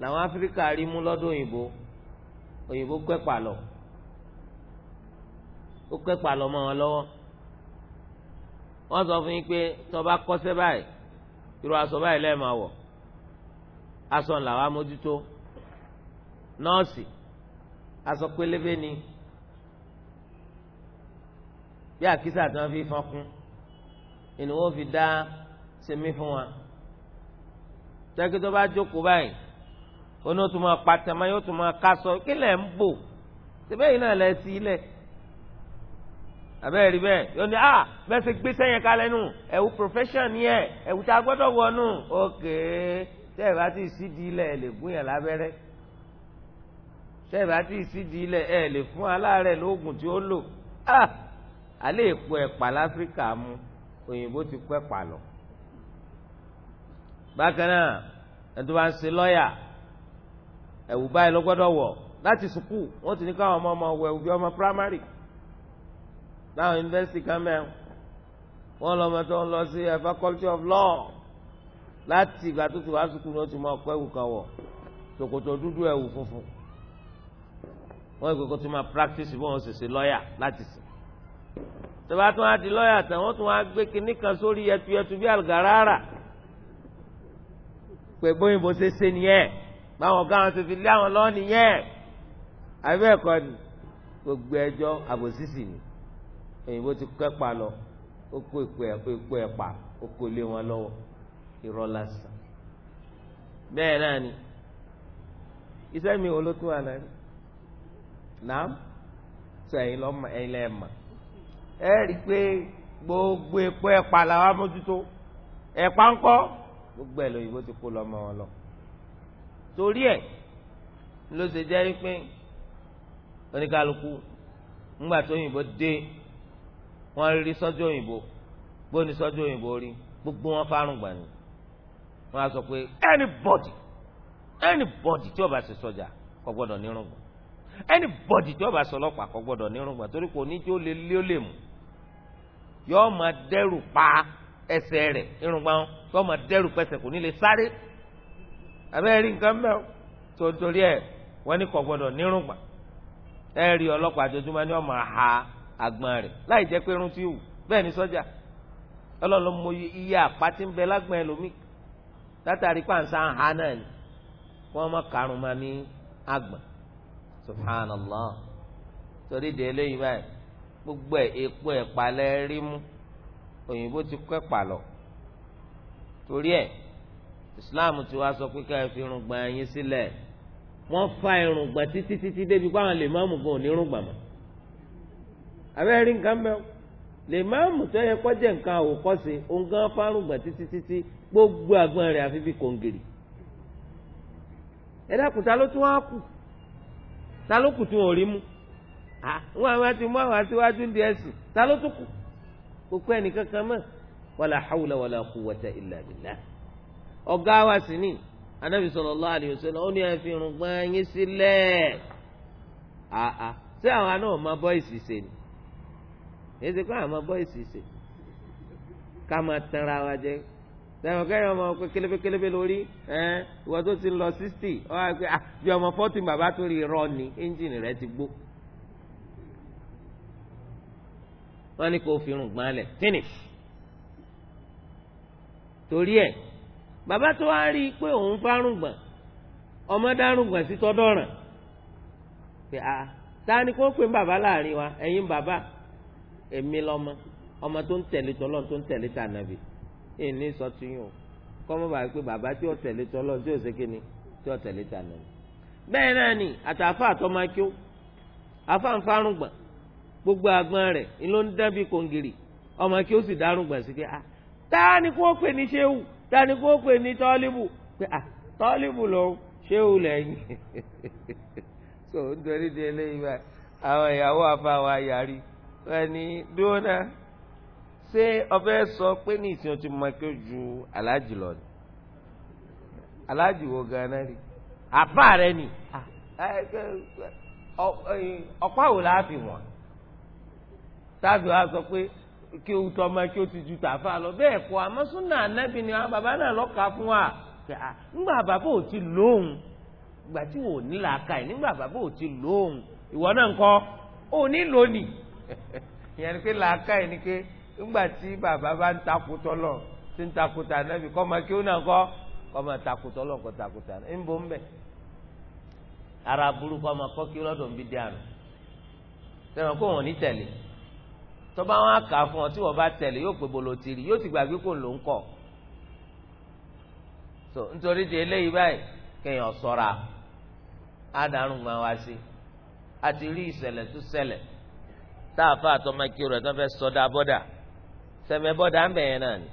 làwọn Áfíríkà rí mú lọ́dún òyìnbó òyìnbó kọ́ ẹ̀pà lọ ó kọ́ ẹ̀pà lọ mọ́ wọn lọ́wọ́ wọ́n sọ fún yín pé tó bá kọ́sẹ́ báyìí irú aṣọ báyìí lẹ́ẹ̀ máa wọ̀ aṣọ ńlá wa mójútó nọ́ọ̀sì aṣọ pélébé ni bí àkísà tí wọ́n fi fọ́n ìnáwó fi dá sẹmí fún wa tẹ́kí bá jókòó báyìí oní o tún máa patẹ́mọ́ yóò tún máa kásọ kí lẹ̀ ń bò síbẹ̀ yìí náà lẹ̀ sí ilẹ̀ àbẹ́rẹ́ rí bẹ́ẹ̀ yóò ní à bẹ́ẹ̀ ṣe gbé sẹ́yìn kalẹ̀ nù ẹ̀wù profession ni ẹ̀ ẹ̀wù tá a gbọ́dọ̀ wọ̀ nù okay tẹ́ ẹ̀ bá ti sí di ilẹ̀ ẹ̀ lè gún yàn lábẹ́rẹ́ tẹ́ ẹ̀ bá ti sí di ilẹ̀ ẹ̀ lè fún aláàárẹ̀ lóògùn tí ó lò à alẹ́ èpo ẹ̀pà láfíríkà mu òyìnbó ti kọ́ ẹ̀pà lọ. bákan náà ẹ̀ tó bá ń ṣe lọ́ọ̀yà ẹ̀wù báyìí ló gbọ́dọ̀ wọ̀ láti sùkúù wọ́n ti ní káwọn ọmọ ọmọ wọ ẹ̀wù bí ọmọ primary láwọn yunifásitì kan mẹ́rin wọ́n lọ ọmọ tó ń lọ sí eh, faculty of law láti ìgbà tó ti wá sùkúù ni ó ti mọ ọkọ ẹ̀wù kan wọ̀ ṣòkòtò dúdú ẹ̀wù funfun wọ́n ìgbẹ́ kó ti máa practice bí wọ́n sì ṣe lọ́ọ̀yà láti sìn tọba tún á di lọ́ọ̀yà tán wọ́n tún á gbé kinní kan sórí yẹtuyẹtu bí àlùgárá rà pé bóyìnbó ṣe ṣe nìyẹn báwọn ọ̀gá wọn ti fi lé àwọn lọ́ọ̀nì yẹn àbẹ́ ẹ̀kọ́ ni gbogbo ẹjọ́ àbòsísì ni òyìnbó ti kọ́ ẹ̀pà lọ ó kó èpo ẹ̀pà ó kó lé wọn lọ́wọ́ irọ́ lásán bẹ́ẹ̀ náà ni iṣẹ́ mi wo ló tún wà náà ni náà sọ ẹ̀yin lọ́mọ ẹ̀yin lẹ́ẹ̀ma ẹ rí i pé gbogbo èpo ẹ̀pà làwọn amójútó ẹ̀pà ńkọ́ gbogbo ẹ̀ lóyìnbó ti kó lọ́mọ wọn lọ torí ẹ̀ ló ṣe jẹ́ pé oníkálukú ńgbà tó òyìnbó dé wọ́n rí sọ́jú òyìnbó gbóni sọ́jú òyìnbó rí gbogbo wọn fárùn gbà ni wọ́n á sọ pé anybody anybody tí ó bá ṣe sọ́jà kò gbọ́dọ̀ nírùngbọ̀n anybody tí ó bá ṣe ọlọ́pàá kò gbọ́dọ̀ nírùngbọ̀n torí kò ní tí ó lè lé ó lè mú yọọ máa dẹ́rù pa ẹsẹ̀ rẹ̀ irùngbọ̀n yọọ máa dẹ́rù pẹsẹ̀ kò ní lè sáré abẹ́rẹ́ rí nǹkan mẹ́wọ́ tontori ẹ̀ wọ́n ní kò gbọ́dọ̀ nírùngbà ẹ rí ọlọ́pàá àjọjúmọ́ ni wọ́n máa ha àgbọ̀n rẹ̀ láì jẹ́ pé irun ti wù bẹ́ẹ̀ ni sọ́jà ọlọ́run mo iye àpáti ń bẹ lágbọ̀n ẹlòmíì látàrí pàǹsá ń ha náà ni wọ́n má karùn-ún ma ní àgbọ̀n subhanallah torí de eléyìí báyìí gbogbo ẹ̀ epo ẹ̀ palẹ̀ òyìnbó ti kọ́ ẹ̀ palọ̀ torí ẹ̀ islam ti wá sọ pé ká ẹ fi irùngbọ̀n yín sílẹ̀ wọ́n fa irùngbọ̀n títí títí débi pé àwọn lè má mú gan òní irùngbọ̀n mọ́ abẹ́rẹ́ rí nǹkan mẹ́wọ́ lè má mú tó yẹ kọ́jẹ́ nǹkan àwòkọ́ṣe òun gan fárùngbọ̀n títí títí gbogbo àgbọ̀n rẹ̀ àfi bí kòǹgìrì ẹ dákun ta ló tún wá kù ta ló kù tún òrí mu wọn àwọn ti mú àwọn aṣíwájú ń di ẹsìn ta ló tún kù kókó ẹnìkankan mọ́ wàlà hàwùlà wàlà kùwàtà ìlà bìlà ọ̀gá wa sì ni anabi sallallahu alaihi wasallam ó ní ẹ fi irùngbọ̀n yín sílẹ̀ àà ṣé àwọn náà máa bọ́ ìṣìṣe ni èyí ti kọ́ àwọn máa bọ́ ìṣìṣe ká máa tanra wa jẹ sẹ́wọ̀n kẹ́yìn ọmọ pé kélébé kélébé lórí ẹ̀ ìwọ tó ti lọ sixty ọ wá pé ah, bí ọmọ forty bàbá tó rí irọ́ ni ẹ́ńjìnì rẹ̀ ti gbó. wọ́n ní kó fi irùngbọ̀n lẹ̀ finish torí ẹ̀ bàbá tó wá rí i pé òun fárùngbọ̀n ọmọ dárùngbọ̀n sí tọ́dọ̀ràn pé a ta ni kó pè ń bàbá láàrin wa ẹ̀yin bàbá èmi lọ́mọ ọmọ tó ń tẹ̀lé tọ́lọ́ tó ń tẹ̀lé tànàbì èyí sọ ti yàn o kọ́mọ́ bàbá pé bàbá tí ó tẹ̀lé tọ́lọ́ tí ó ṣe kí ni tí ó tẹ̀lé tànàbì. bẹ́ẹ̀ náà ni àtàfà àtọ́mákíó afáǹfàrùngbọ̀n gbogbo àgbọn rẹ̀ ni ló ń dábì kòǹgìrì ọmọ kí ó sì dárùngbọ̀n sí pé a ta ni kó pè ní ṣéwù tani kó pè ní tọ́líbù pé à tọ́líbù lòun ṣé o lẹ́yìn so nítorí di eléyìí báyìí àwọn ìyàwó afáwa yàrí wọn ni dúró náà ṣé ọbẹ̀ sọ pé ní ìsìn ọtí mọ kí o ju aláàjì lọ ni aláàjì wo ganan rí àfa rẹ ni ọ̀pá wo la fi tábìlì wa sọ pé kí o tọ́ ọmọ kí o ti ju tàfà lọ bẹ́ẹ̀ kọ́ àmọ́ anábì ni bàbá náà lọ́ka fún wa nígbà bàbá ò ti lóhùn ìgbà tí wò ní làákà yìí nígbà bàbá ò ti lóhùn ìwọ náà ò ní lónìí ìyẹn ni pé làákà yìí ni pé nígbà tí bàbá bá ń lọ ń anábì ọmọ kí o náà ọmọ lọ ń ń ara burúkú ọmọ kí ń dí tó bá wọn kà á fún ọ tí wọn bá tẹ̀lé yóò pé bolo tiri yóò ti gbàgbé kó ló ń kọ so nítorí di eléyìí báyìí kéèyàn ṣọ́ra àdàrún gbọn wá sí a ti rí ìṣẹ̀lẹ̀ tó ṣẹlẹ̀ tá a fa àtọmọkí rẹ tó fẹ́ sọdá bọdà sẹmẹ bọdà ń bẹ náà ni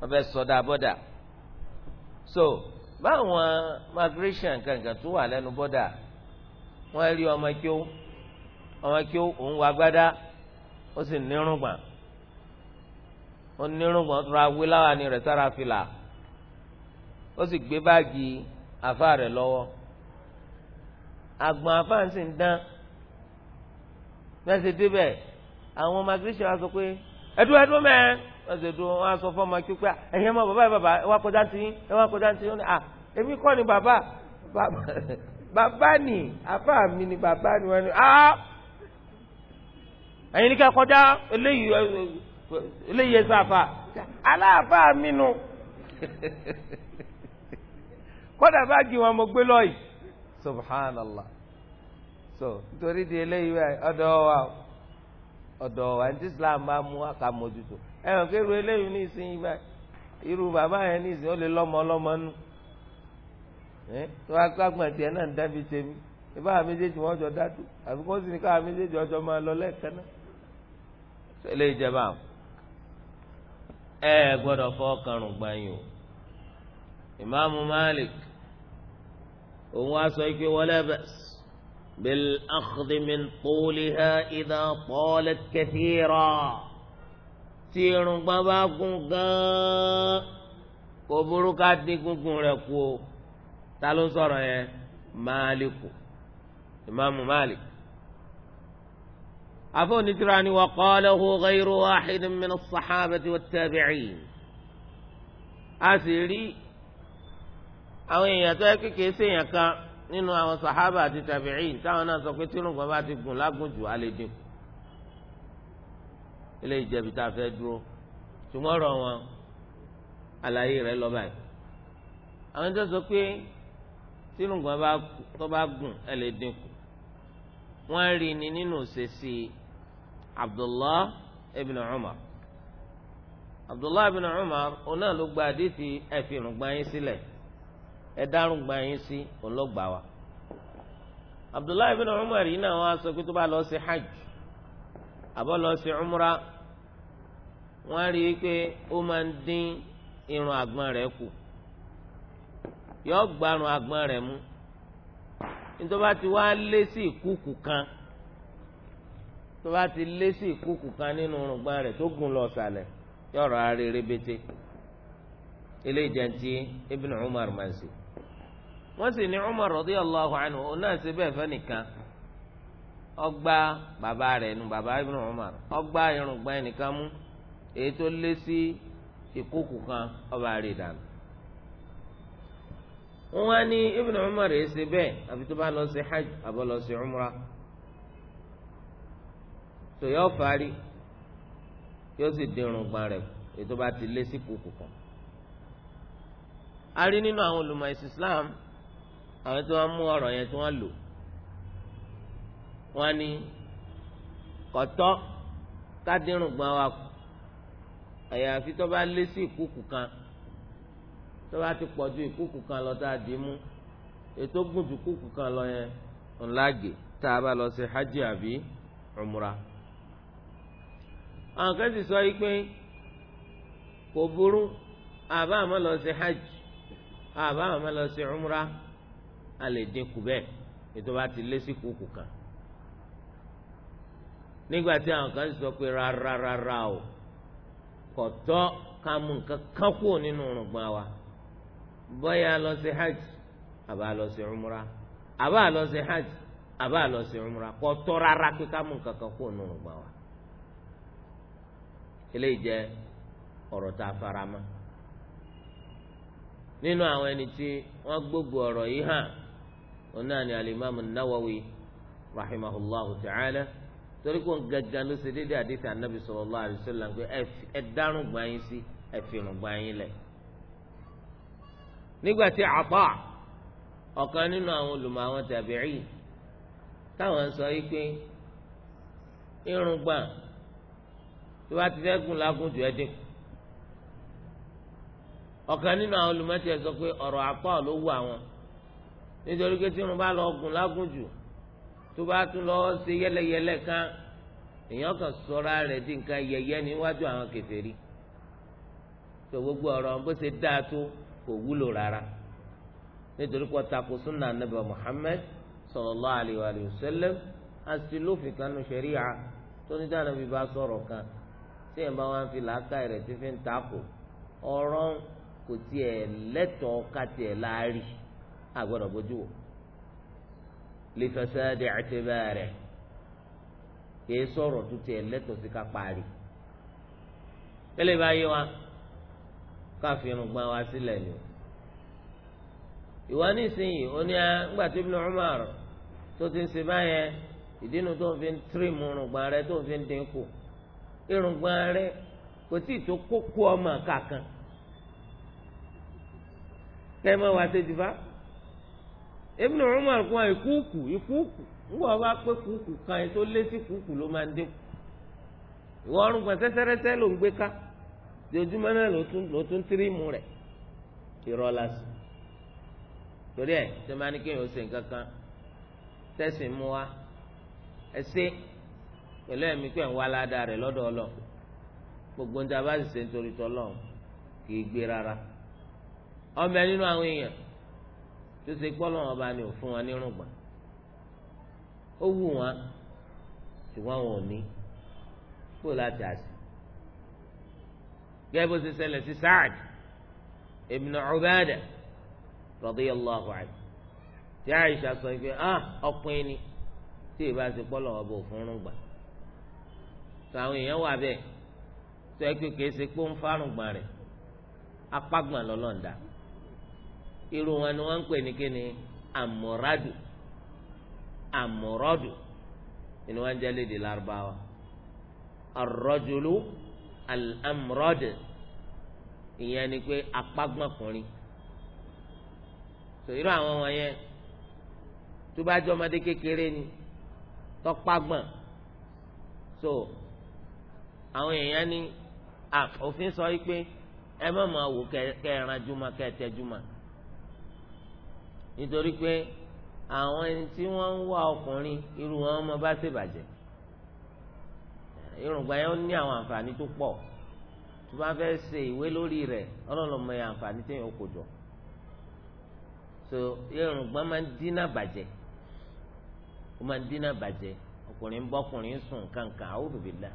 wọn fẹ́ sọdá bọdà so báwọn migration kankan tó wà lẹ́nu bọdà wọn rí ọmọ kí ó ọmọ kí ó òun wá gbádá ó sì nírùngbọ̀n ó nírùngbọ̀n ó tura wé láwàní rẹ̀ sára fìlà ó sì gbé báàgì àfa rẹ̀ lọ́wọ́ àgbọ̀n àfa ń sì ń dán bẹ́ẹ̀ ṣe àwọn ọmọ agrẹ́sẹ̀ wa sọ pé ẹdún ẹdún mẹ́ẹ̀ wọ́n ṣe dùn wọ́n á sọ fún ọmọ akíkú pé ẹ̀yin ọmọ bàbá yìí bàbá ẹ wá kọjá ti yín ẹ wá kọjá ti yín ó ní à èmi kọ́ ni bàbá bàbá ni àfa mi ni bàbá ni wọ́n ni ah ẹ̀yin ní ká kọjá eléyìí eléyìí ẹsẹ àfa aláàfà mi nu kódà báàgì wọn mo gbé lọ́yìí subhanallah so nítorí di eléyìí wẹ ọ̀dọ̀ wa ọ̀dọ̀ wa ní tí islam bá mú ká mójútó ẹ hàn kí irú eléyìí ní ìsinyìí báyìí irú bàbá yẹn ní ìsìn ó lè lọ́mọ ọlọ́mọ nù tó wá gbàgbọ́n tiẹ̀ náà dábìí tèmi ìbára méjèèjì wọn jọ dá tó àbíkó sì ní káwa méjèèjì ọjọ́ máa lọ lẹ́ẹ̀kan náà tẹ́lẹ̀ ìjẹba ẹ gbọ́dọ̀ fọkàn rùn gbanyin o ìmáàmù Malik òun wá sọ pé wala bas bil akhdhi min tuliha idha talat kathira tí irun gbọ́n bá gùn gan kò burú ká dín gúngùn rẹ̀ kú o ta ló sọ̀rọ̀ yẹn Malik ìmáàmù Malik àfọwọ́n ní tíra ni wà qalahu ghayru wahidin min as-sahabati wat-tabi'in a sì rí àwọn èèyàn tó yẹ kékeré séèyàn kan nínú àwọn sàhábà àti tàbíìn táwọn náà sọ pé tírùngbọ̀n bá ti gùn lágùnjù á lè dínkù ilé ìjẹ̀bi tá a fẹ́ dúró ṣùgbọ́n ọ̀rọ̀ wọn àlàyé rẹ̀ lọ báyìí àwọn tó sọ pé tírùngbọ̀n tó bá gùn ẹ lè dínkù wọ́n rí ni nínú ṣèṣì abdullah ibn umar abdullah ibn umar ọ̀nà ló gba àdìsí ẹ̀fìrùn gbanyin sílẹ̀ gbanyin sí abdullah ibn umar yìí náà tó bá lọ sí hajj àbọ lọ sí umra wọ́n rí i pé ó máa ń dín irun àgbọn kù yọ gbarun àgbọn mú nítorí ti wá lé tó bá ti lé sí ìkúkù kan nínú irùngbọ̀n rẹ̀ tó gùn lọ sàlẹ̀ yọ̀rọ̀ ara rẹ̀bẹ̀tẹ̀ eléyìí jẹ́ ti Ibn Umar mansi wọ́n sì ní Umar radiyallahu anhu òun náà ṣe bẹ́ẹ̀ fẹ́ nìkan ọgbà bàbá rẹ nu bàbá Ibn Umar ọgbà mú èyí kan ọba dànù Umar ṣe àfi tó bá lọ sí hajj àbọ̀ lọ sí tó yọ fari yóò sì dirun gbọn rẹ̀ ètò bá ti lé sí kúkú kan. a rí nínú àwọn olùmọ̀ ẹ̀sìn Islam àwọn tí wọ́n mú ọ̀rọ̀ yẹn tí wọ́n lò wọ́n ní kọ̀tọ́ kádìrún gbọ́n wa kù àyàfi tó bá lé sí ìkúkù kan tó bá ti pọ̀ ju ìkúkù kan lọ tá a dì í mú ètò gùn ju ìkúkù kan lọ yẹn ńlá gè tá a bá lọ sí hajj àbí umrah àwọn kan sì sọ yìí pé kò burú àbá àmọ́ lọ sí hajj àbá àmọ́ lọ sí umra a lè dínkù bẹ́ẹ̀ ètò bá ti lé sí kúkú kan nígbà tí àwọn kan sọ pé rárára o kò tọ́ ká mú nǹkan kan kúrò nínú ọ̀rùngbọ̀n wa bóyá lọ sí hajj àbá lọ sí umra àbá lọ sí hajj àbá lọ sí umra kò tọ́ rárá pé ká mú nǹkan kan kúrò nínú ọ̀rùngbọ̀n wa. eléyìí jẹ́ ọ̀rọ̀ tá a fara mọ́ nínú àwọn ẹni tí wọ́n gbógbó ọ̀rọ̀ yìí hàn òun náà ni alimami nawawi rahimahullahu ta'ala torí kò ń gangan ló ṣe déédéé àdìsí anabi sallallahu alaihi pé ẹ dárùn gbà yín sí ẹ fìrùn gbà yín lẹ̀. nígbà tí Ata ọ̀kan nínú àwọn olùmọ̀ àwọn táwọn sọ yìí pé tó bá ti fẹ́ gùn lágùn jù ẹ dínkù ọ̀kan nínú àwọn olùmọ̀tì ẹ̀ sọ pé ọ̀rọ̀ apá ló wù àwọn nítorí pé tí mo bá lọ gùn lágùn jù tó bá tún lọ ṣe yẹlẹyẹlẹ kan èèyàn kan sọra rẹ̀ di nǹkan yẹyẹ níwájú àwọn kèfèrí tó gbogbo ọ̀rọ̀ bó ṣe dáa tó kò wúlò rárá nítorí pé ọ̀tàkùn súnà nàbẹ Muhammad sallallahu alaihi wa sallam àti lófin kanú ṣẹríà tó ní dáná bíbá sọ̀rọ̀ kan tí mba bá wọn fi làákàyè rẹ̀ tí fi ń takò ọrọ kò tiẹ̀ lẹ́tọ̀ọ́ ká tiẹ̀ láàrí àgbọ̀dọ̀ bójú wò lè fẹsẹ̀ dẹ̀ kìí sọ̀rọ̀ tó tiẹ̀ lẹ́tọ̀ọ́ sí ká parí tẹ́lẹ̀ bá wa káfíìnù gbọ́n wa sílẹ̀ ni o ìwà nísìnyí ó ní àgbà tó Ibn irùngbọ̀n rẹ kò tí ì tó kókó ọmọ kankan kẹ́ kún wa ìkúùkù ìkúùkù pé kúùkù kan ẹ tó lé sí kúùkù ló máa ń dínkù ìwọ ọrùn kan sẹsẹrẹsẹ ló ń gbé ká ojoojúmọ́ náà ló tún tírímù rẹ̀ irọ́ lásán torí kan pẹ̀lú ẹ̀mí pé ń wá aládàá rẹ̀ lọ́dọ̀ ọlọ́ gbogbo ń taba sì ṣe nítorí tọ́lọ́ kì í gbé rárá ọmọ ẹ nínú àwọn èèyàn tó ṣe pọ́ lọ́wọ́ ọba ni ò fún wọn nírùngbọ̀n ó wù wọn ṣùgbọ́n wọn ò ní kó láti àṣì gẹ́gẹ́ bó ṣe ṣẹlẹ̀ sí Sa'ad ibn Ubadah radiyallahu anhu tí Aisha sọ pé ah, ọpin ni tí ìbá ṣe pọ́ lọ́wọ́ ọba ò fún rúngbọ̀n àwọn èèyàn wà bẹ́ẹ̀ tó ẹ pé kìí ṣe pé ó ń fárùngbọ̀n rẹ̀ apágbọ̀n lọ́lọ́ǹda irú wọn ni wọ́n ń pè ní kíni àmúrádù àmúrọ́dù ni wọ́n ń jẹ́ lédè lárúbáwá àrọ́jùlù àmúrọ́dù ìyẹn ni pé apágbọ̀nkùnrin so irú àwọn wọ̀nyẹn tó bá jẹ́ ọmọdé kékeré ni tọ́págbọ̀n so àwọn èèyàn ní òfin sọ pé ẹ má máa wò kẹran juma kẹtẹ juma nítorí pé àwọn ẹni tí wọ́n ń wá ọkùnrin irú wọn ọmọ bá ṣèbàjẹ́ irùngbọ̀n yẹn ó ní àwọn àǹfààní tó pọ̀ tó bá fẹ́ ṣe ìwé lórí rẹ̀ ọlọ́lọ́mọ yẹn àǹfààní tẹ̀yìn ó kò jọ so irùngbọ̀n máa ń dínà bàjẹ́ ó máa ń dínà bàjẹ́ ọkùnrin ń bọ́kùnrin sùn kankan àwọn òbí bìlá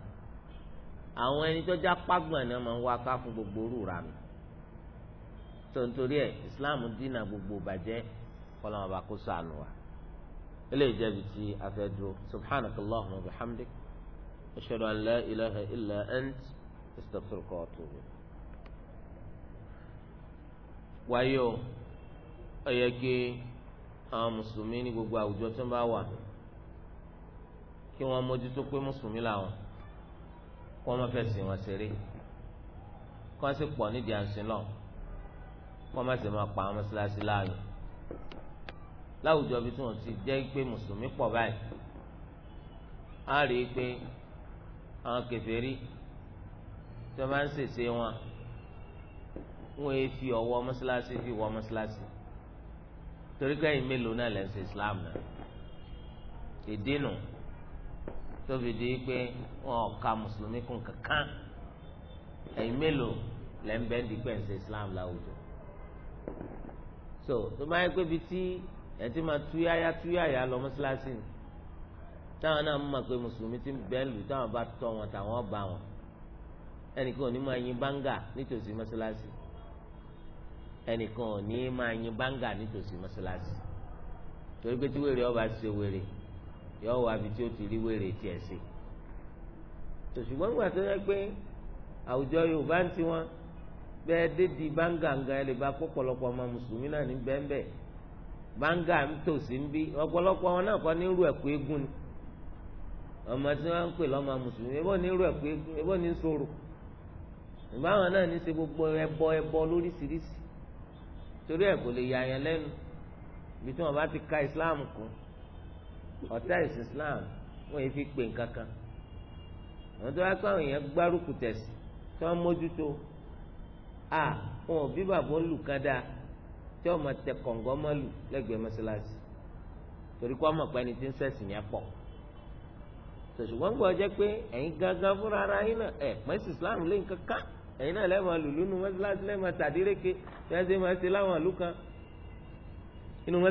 àwọn ẹni tó já pàgbọ́n náà máa ń wá ká fún gbogbo orú ra mi tontorí ẹ Islam dínà gbogbo bàjẹ́ kọ́lọ́mọ bá kó sànù wa eléyìí jẹ́bi tí a fẹ́ dúró subhanakallahumma wa bihamdik ashhadu an la ilaha illa ant astaghfiruka wa atubu. wáyé o àwọn mùsùlùmí ní gbogbo àwùjọ tó ń bá wà kí wọ́n mójútó pé mùsùlùmí làwọn kó wọn fẹ́ sìn wọn ṣeré kó wọn sì pọ̀ nídìí àǹsìn lọ kó wọn má sì máa pa àwọn mọ́ṣáláṣí láàyò láwùjọ bí tí wọn ti jẹ́ pé mùsùlùmí pọ̀ báyìí á rí i pé àwọn kèfèrí tí wọn bá ń ṣèṣe wọn wọn èé e fi ọwọ́ mọ́ṣáláṣí fi wọ mọ́ṣáláṣí torí kẹ́yìn mélòó náà lẹ́sìn Islam náà ìdí nù. E tó fi di pé wọn ò ka mùsùlùmí kún kankan ẹ̀yin mélòó lẹ́ ń bẹ́ẹ̀ dípẹ́ ń ṣe islam láwùjọ. so tó máa yẹ pé bíi tí ẹ̀ ti máa túyáyá túyáyá lọ mọ́ṣáláṣí ni táwọn náà mọ̀ pé mùsùlùmí ti bẹ́ẹ̀ lù táwọn bá tọ́ wọn táwọn bá wọn ẹnìkan ò ní máa yin báńgà nítòsí mọ́ṣáláṣí ẹnìkan ò ní máa yin báńgà nítòsí mọ́ṣáláṣí torí pé tí wèrè ọba ṣe wèrè yọ wá ibi tí ó ti rí wèrè tiẹ̀ sí tòṣùgbọ́n gbà tó yẹ pé àwùjọ yorùbá ń tiwọn bẹ́ẹ̀ dédi báńgàǹgà ẹ lè ba pọ̀pọ̀lọpọ̀ ọmọ mùsùlùmí náà ní bẹ́ẹ̀nbẹ́ẹ̀ báńgà ń tòsí ń bí ọ̀pọ̀lọpọ̀ wọn náà kọ́ ní irú ẹ̀kú eégún ni ọmọ tí wọ́n ń pè lọ́mọ mùsùlùmí ebó ní irú ẹ̀kú eégún ebó ní sòrò ìgbà wọn náà ní ṣe gbogbo ẹbọ ẹbọ lóríṣiríṣi torí ẹ̀ kò lè yà yẹn lẹ́nu ibi tí wọ́n bá ti ka ìsìláàmù kún ọ̀tá ìsìn islam wọ́n yìí fi pè nǹkan kan àwọn tó wá pé àwọn èèyàn gbárùkù tẹ̀sí tí wọ́n mójútó a wọn ò bí bàbá olùkan dáa tí wọ́n máa tẹ kọ̀ǹgọ́ mọ́ lù lẹ́gbẹ̀ẹ́ mọ́ṣáláṣí torí kó ọmọ pẹ́ni tí ń sẹ̀sìn yẹn pọ̀ tòṣùgbọ́n gbọ́ jẹ́ pé ẹ̀yin gangan fúnra ara yín náà ẹ̀ mẹ́sì islam lé nǹkan ká ẹ̀yin náà lẹ́ẹ̀ máa lùlú nu mọ́ṣáláṣí lẹ́ẹ̀ máa tàdíréke tí wọ́n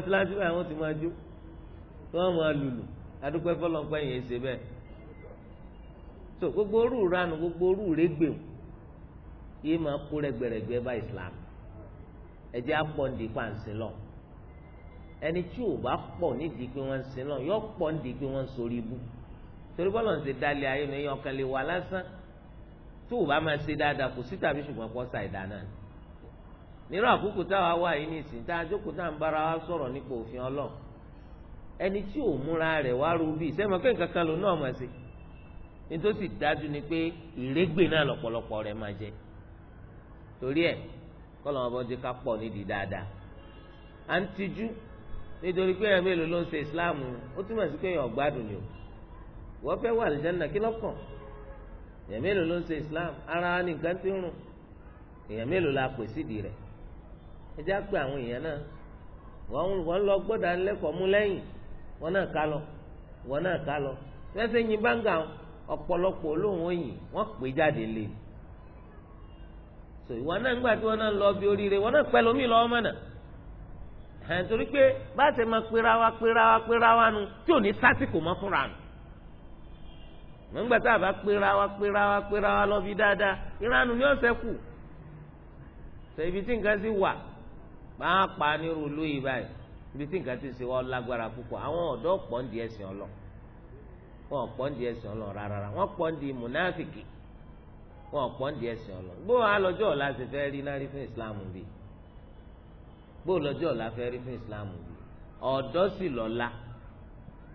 ṣe máa wọ́n máa lùlù adúpẹ́ fọlọ́pẹ́ yẹn ṣe bẹ́ẹ̀ so gbogbo orú ranu gbogbo orú rẹ́gbẹ̀ẹ́ yìí máa kó rẹ́gbẹ̀rẹ́gbẹ́ bá Islam ẹ̀jẹ̀ apọ̀ ndí pa ẹni tí ò bá pọ̀ nídìí pé wọ́n ń yọ pọ̀ torí ń ṣe ayé lè wà lásán tó bá máa ṣe dáadáa kò ṣùgbọ́n sa ìdá náà nírọ̀ àkókò táwa wà yìí ní ìsìn tá a jókòó ẹni tí ò múra rẹ̀ wá rú bíi sẹ́mi nǹkan kan ló náà mọ̀ sí nítòsí dájú ni pé ìrégbè náà lọ̀pọ̀lọpọ̀ rẹ̀ máa jẹ torí ẹ̀ kọ́lọ̀ wọn bọ́ jẹ́ ká pọ̀ nídìí dáadáa à ń tijú nítorí pé ẹ̀mí lo ló ń ṣe islam ó túmọ̀ sí pé èèyàn ni o wọ́n fẹ́ wà lìjánná kí lọ́kàn èèyàn mélòó ló ń ṣe islam ara ni nǹkan ti ń rùn èèyàn la pè sídìí rẹ̀ ẹ àwọn lọ gbọ́dọ̀ alẹ́kọ̀ọ́ mú wọn náà ká lọ wọn náà ká lọ fẹsẹ yin báńgà ọpọlọpọ olóhùn òyìn wọn pè jáde lé e. so ìwọ náà ńgbà tí wọn náà lọ bí oríire wọn náà pẹ lómi lọ ọmọ náà hàn torí pé báṣẹ máa pera wa pera wa pera wa nu tí ò ní sásìkò mọ fúnra nù mọ̀ngbà tá bá pera wa pera wa pera wa lọ bí dáadáa ìranu ni ọ̀sẹ̀ kù sọ ibi tí nǹkan sì wà pàápàá nírú olóyè báyìí ibi tí nǹkan ti ṣe wọ́n lágbára púpọ̀ àwọn ọ̀dọ́ pọ̀ di ẹ̀sìn ọlọ wọn pọ̀ ń di ẹ̀sìn ọlọ rárá wọn pọ̀ ń di mùnáfìkì wọn pọ̀ ń di ẹ̀sìn ọlọ bó alọ́jọ́ ọ̀la ṣe fẹ́ rí náà fún ìsìláàmù lọ́jọ́ ọ̀la fẹ́ rí fún ìsìláàmù ọ̀dọ́ sì lọ́la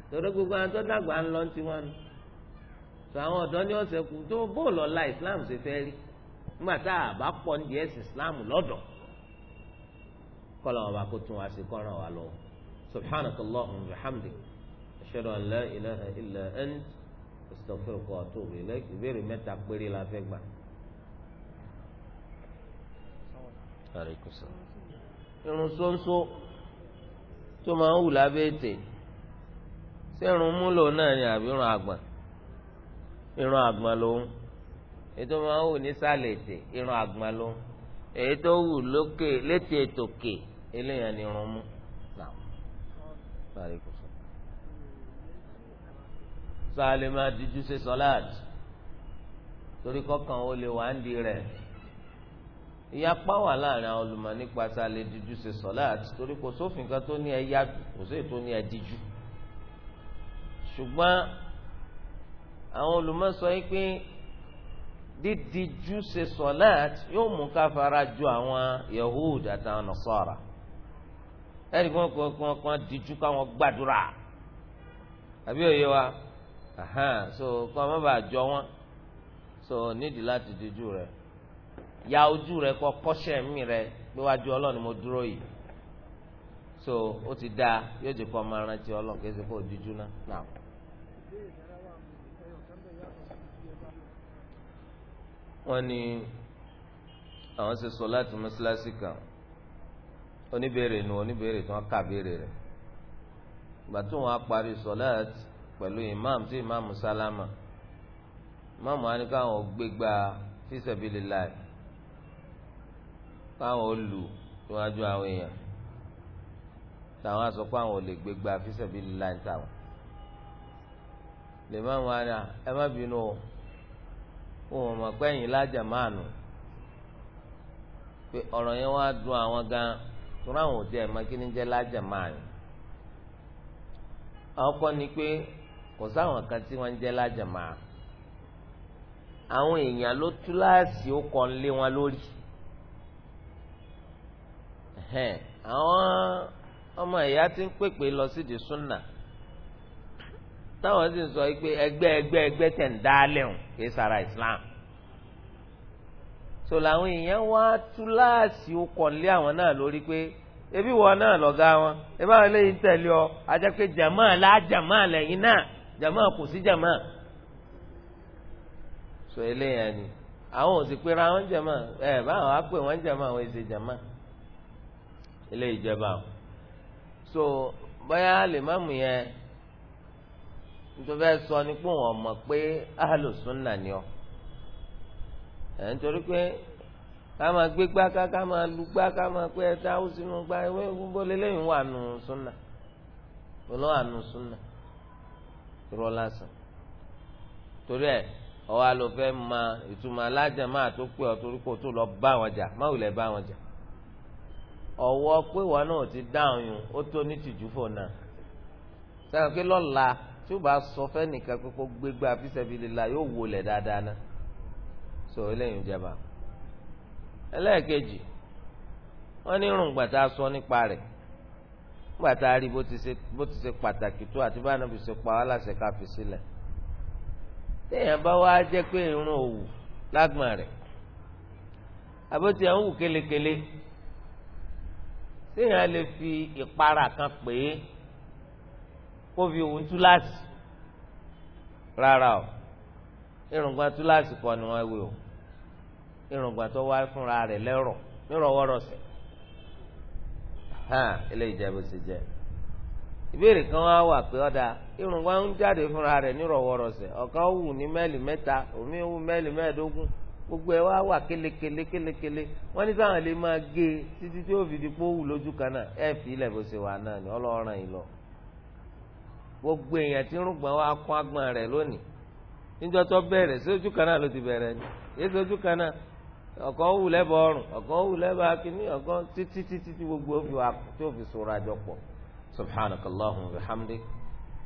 torí gbogbo àwọn tó dàgbà ń lọ ti wọn sọ àwọn ọ̀dọ́ ní ọ̀sẹ̀ kù tó bó lọ́la ìsìláàmù fẹ́ rí nígbà bá pọ̀ ń di ẹ̀sìn ìsìláàmù lọ́dọ̀ọ́ kọ́lọ̀ ọba kó tún wá sí kọ́ràn wa lọ. subhanak allahumma wa hamdik ashhadu an la ilaha illa ant astaghfiruka wa atubu ilaik ìbéèrè mẹ́ta péré la fẹ́ gbà. irun ṣóńṣó tó máa ń wù lábẹ́ ètè ṣé irun múlò náà ni àbí irun àgbọ̀n irun àgbọ̀n lòun ètò máa ń wù nísàlẹ̀ ètè irun àgbọ̀n lòun èyí tó wù lókè létí ètòkè eléyàn ni irun mú náà sáré kò sọ. sáré máa díjú ṣe sọláàtì torí kọkàn ó lè wá ń di rẹ̀ ìyapa wà láàrin àwọn olùmọ̀ nípa sálẹ̀ díjú ṣe sọláàtì torí kò sófin kan tó ní ẹ yájú kò sí ètò ní ẹ díjú ṣùgbọ́n àwọn olùmọ̀ sọ yìí pé dídíjú ṣe sọláàtì yóò mú ká fara ju àwọn Yahud àtàwọn Nasara ẹnì kan kan kan kan díjú káwọn gbàdúrà àbí òye wa so kọ́ má bàa jọ wọn so nídìí láti díjú rẹ ya ojú rẹ kọ kọ́ṣẹ́ mi rẹ pé wájú ọlọ́run ni mo dúró yìí so ó ti dáa yóò jẹ́ kó ọmọ arántí ọlọ́run kí ẹ ṣe kó o díjú náà. wọ́n ní àwọn ṣe sọ láti mọ́ṣáláṣí kan oníbèrè nu oníbèrè tí wọ́n kà béèrè rẹ̀ ìgbà tí wọ́n á parí sọ̀láàt pẹ̀lú Imam tí Imam sálámà ìmáàmù á ní káwọn gbégbá fisabilillah káwọn ó lù níwájú àwọn èèyàn táwọn á sọ pé àwọn ò lè gbégbá fisabilillah táwọn lè má wọn àná ẹ má bínú o wọn mọ̀ pé ẹ̀yìn lájà máa nù pé ọ̀rọ̀ yẹn wá dùn àwọn gan-an. tó ráwọn òde ẹ̀ máa kí la jamaa lájàmáà yìí ni pé kò sáwọn kan tí jẹ la jamaa lájàmáà àwọn èèyàn ló túláàsì ó kọ́ ń lé wọn lórí ọmọ ti ń pèpè lọ sídìí súnà táwọn sì ń sọ pé ẹgbẹ ẹgbẹ ẹgbẹ tẹ̀ ń dá lẹ́hùn sara Islam so làwọn èèyàn wá túláàsì ó kọ̀lé àwọn náà lórí pé ebi wọn náà lọ̀gá wọn ebi àwọn eléyìí ń tẹ̀lé ọ ajẹ́ pé jàmáà la jàmáà lẹ́yìn náà jàmáà kò sí so eléyà ni àwọn ò sì pera wọn ẹ báwọn á pè wọn jàmáà àwọn èsè jàmáà eléyìí jẹba o so bóyá lèmọ́mù yẹn nítorí ẹ sọ ni pé wọn mọ̀ pé ahlùsùn nà ni ọ. ẹ̀ nítorí pé ká máa gbé ká máa lu gbá ká máa pé ẹ dáwó sínú gbá ewé gbogbo lélẹ́yìn wà nù súnà olówó nù súnà irọ́ lásán torí ẹ, ọwọ́ àlọ́ fẹ́ ma ìtumọ̀ alájà máa tó pé ọ torí kò tó lọ bá wọn jà má wulẹ̀ bá wọn jà ọwọ́ pé wọn náà ti dáhùn yùn ó tó ní tìjú fò náà sẹ́wọ̀n lọ́la tí ó bá sọ fẹ́ nìkan gbégbá so eléyìí ń jẹba ẹlẹ́ẹ̀kejì wọ́n ní irùngbọ̀n tá a sọ nípa rẹ̀ nígbà tá a rí bó ti ṣe pàtàkì tó àti bá nàbì ṣe pa wá láṣẹ ká fi sílẹ̀ téèyàn bá wá jẹ́ pé irun òwù lágbọ̀n rẹ̀ àbótí ẹ̀ ń wù kélekele téèyàn lè fi ìpara kan pè é kó fi òun túláàsì rárá o irùngbọ̀n túláàsì kọ́ ni wọ́n wí o irùngbà tó wá fúnra lero lẹ́rọ̀ nírọ̀wọ́rọ̀sẹ̀ hàn eléyìí jẹ́ ìbéèrè kan wá wà pé ọ̀dà irùngbà ń jáde fúnra rẹ̀ nírọ̀wọ́rọ̀sẹ̀ ọ̀kan wù ní mẹ́lì mẹ́ta omi wù mẹ́lì mẹ́ẹ̀ẹ́dógún gbogbo ẹ wá wà kélekele kélekele kele ní sáwọn lè máa gé e títí tí ó fi di pé ó wù lójú kan náà ni yìí lọ gbogbo èèyàn tí wa kún lónìí ni èso ojú kan náà ọkọ wù lẹbọ ọrùn ọkọ wù lẹbọ akínní ọkọ títí títí tí gbogbo òfin wa tó fi sọ̀rọ̀ àjọpọ̀ subhanakallahumma wa bihamdik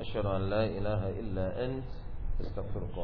ashhadu an la ilaha illa ant astaghfiruka.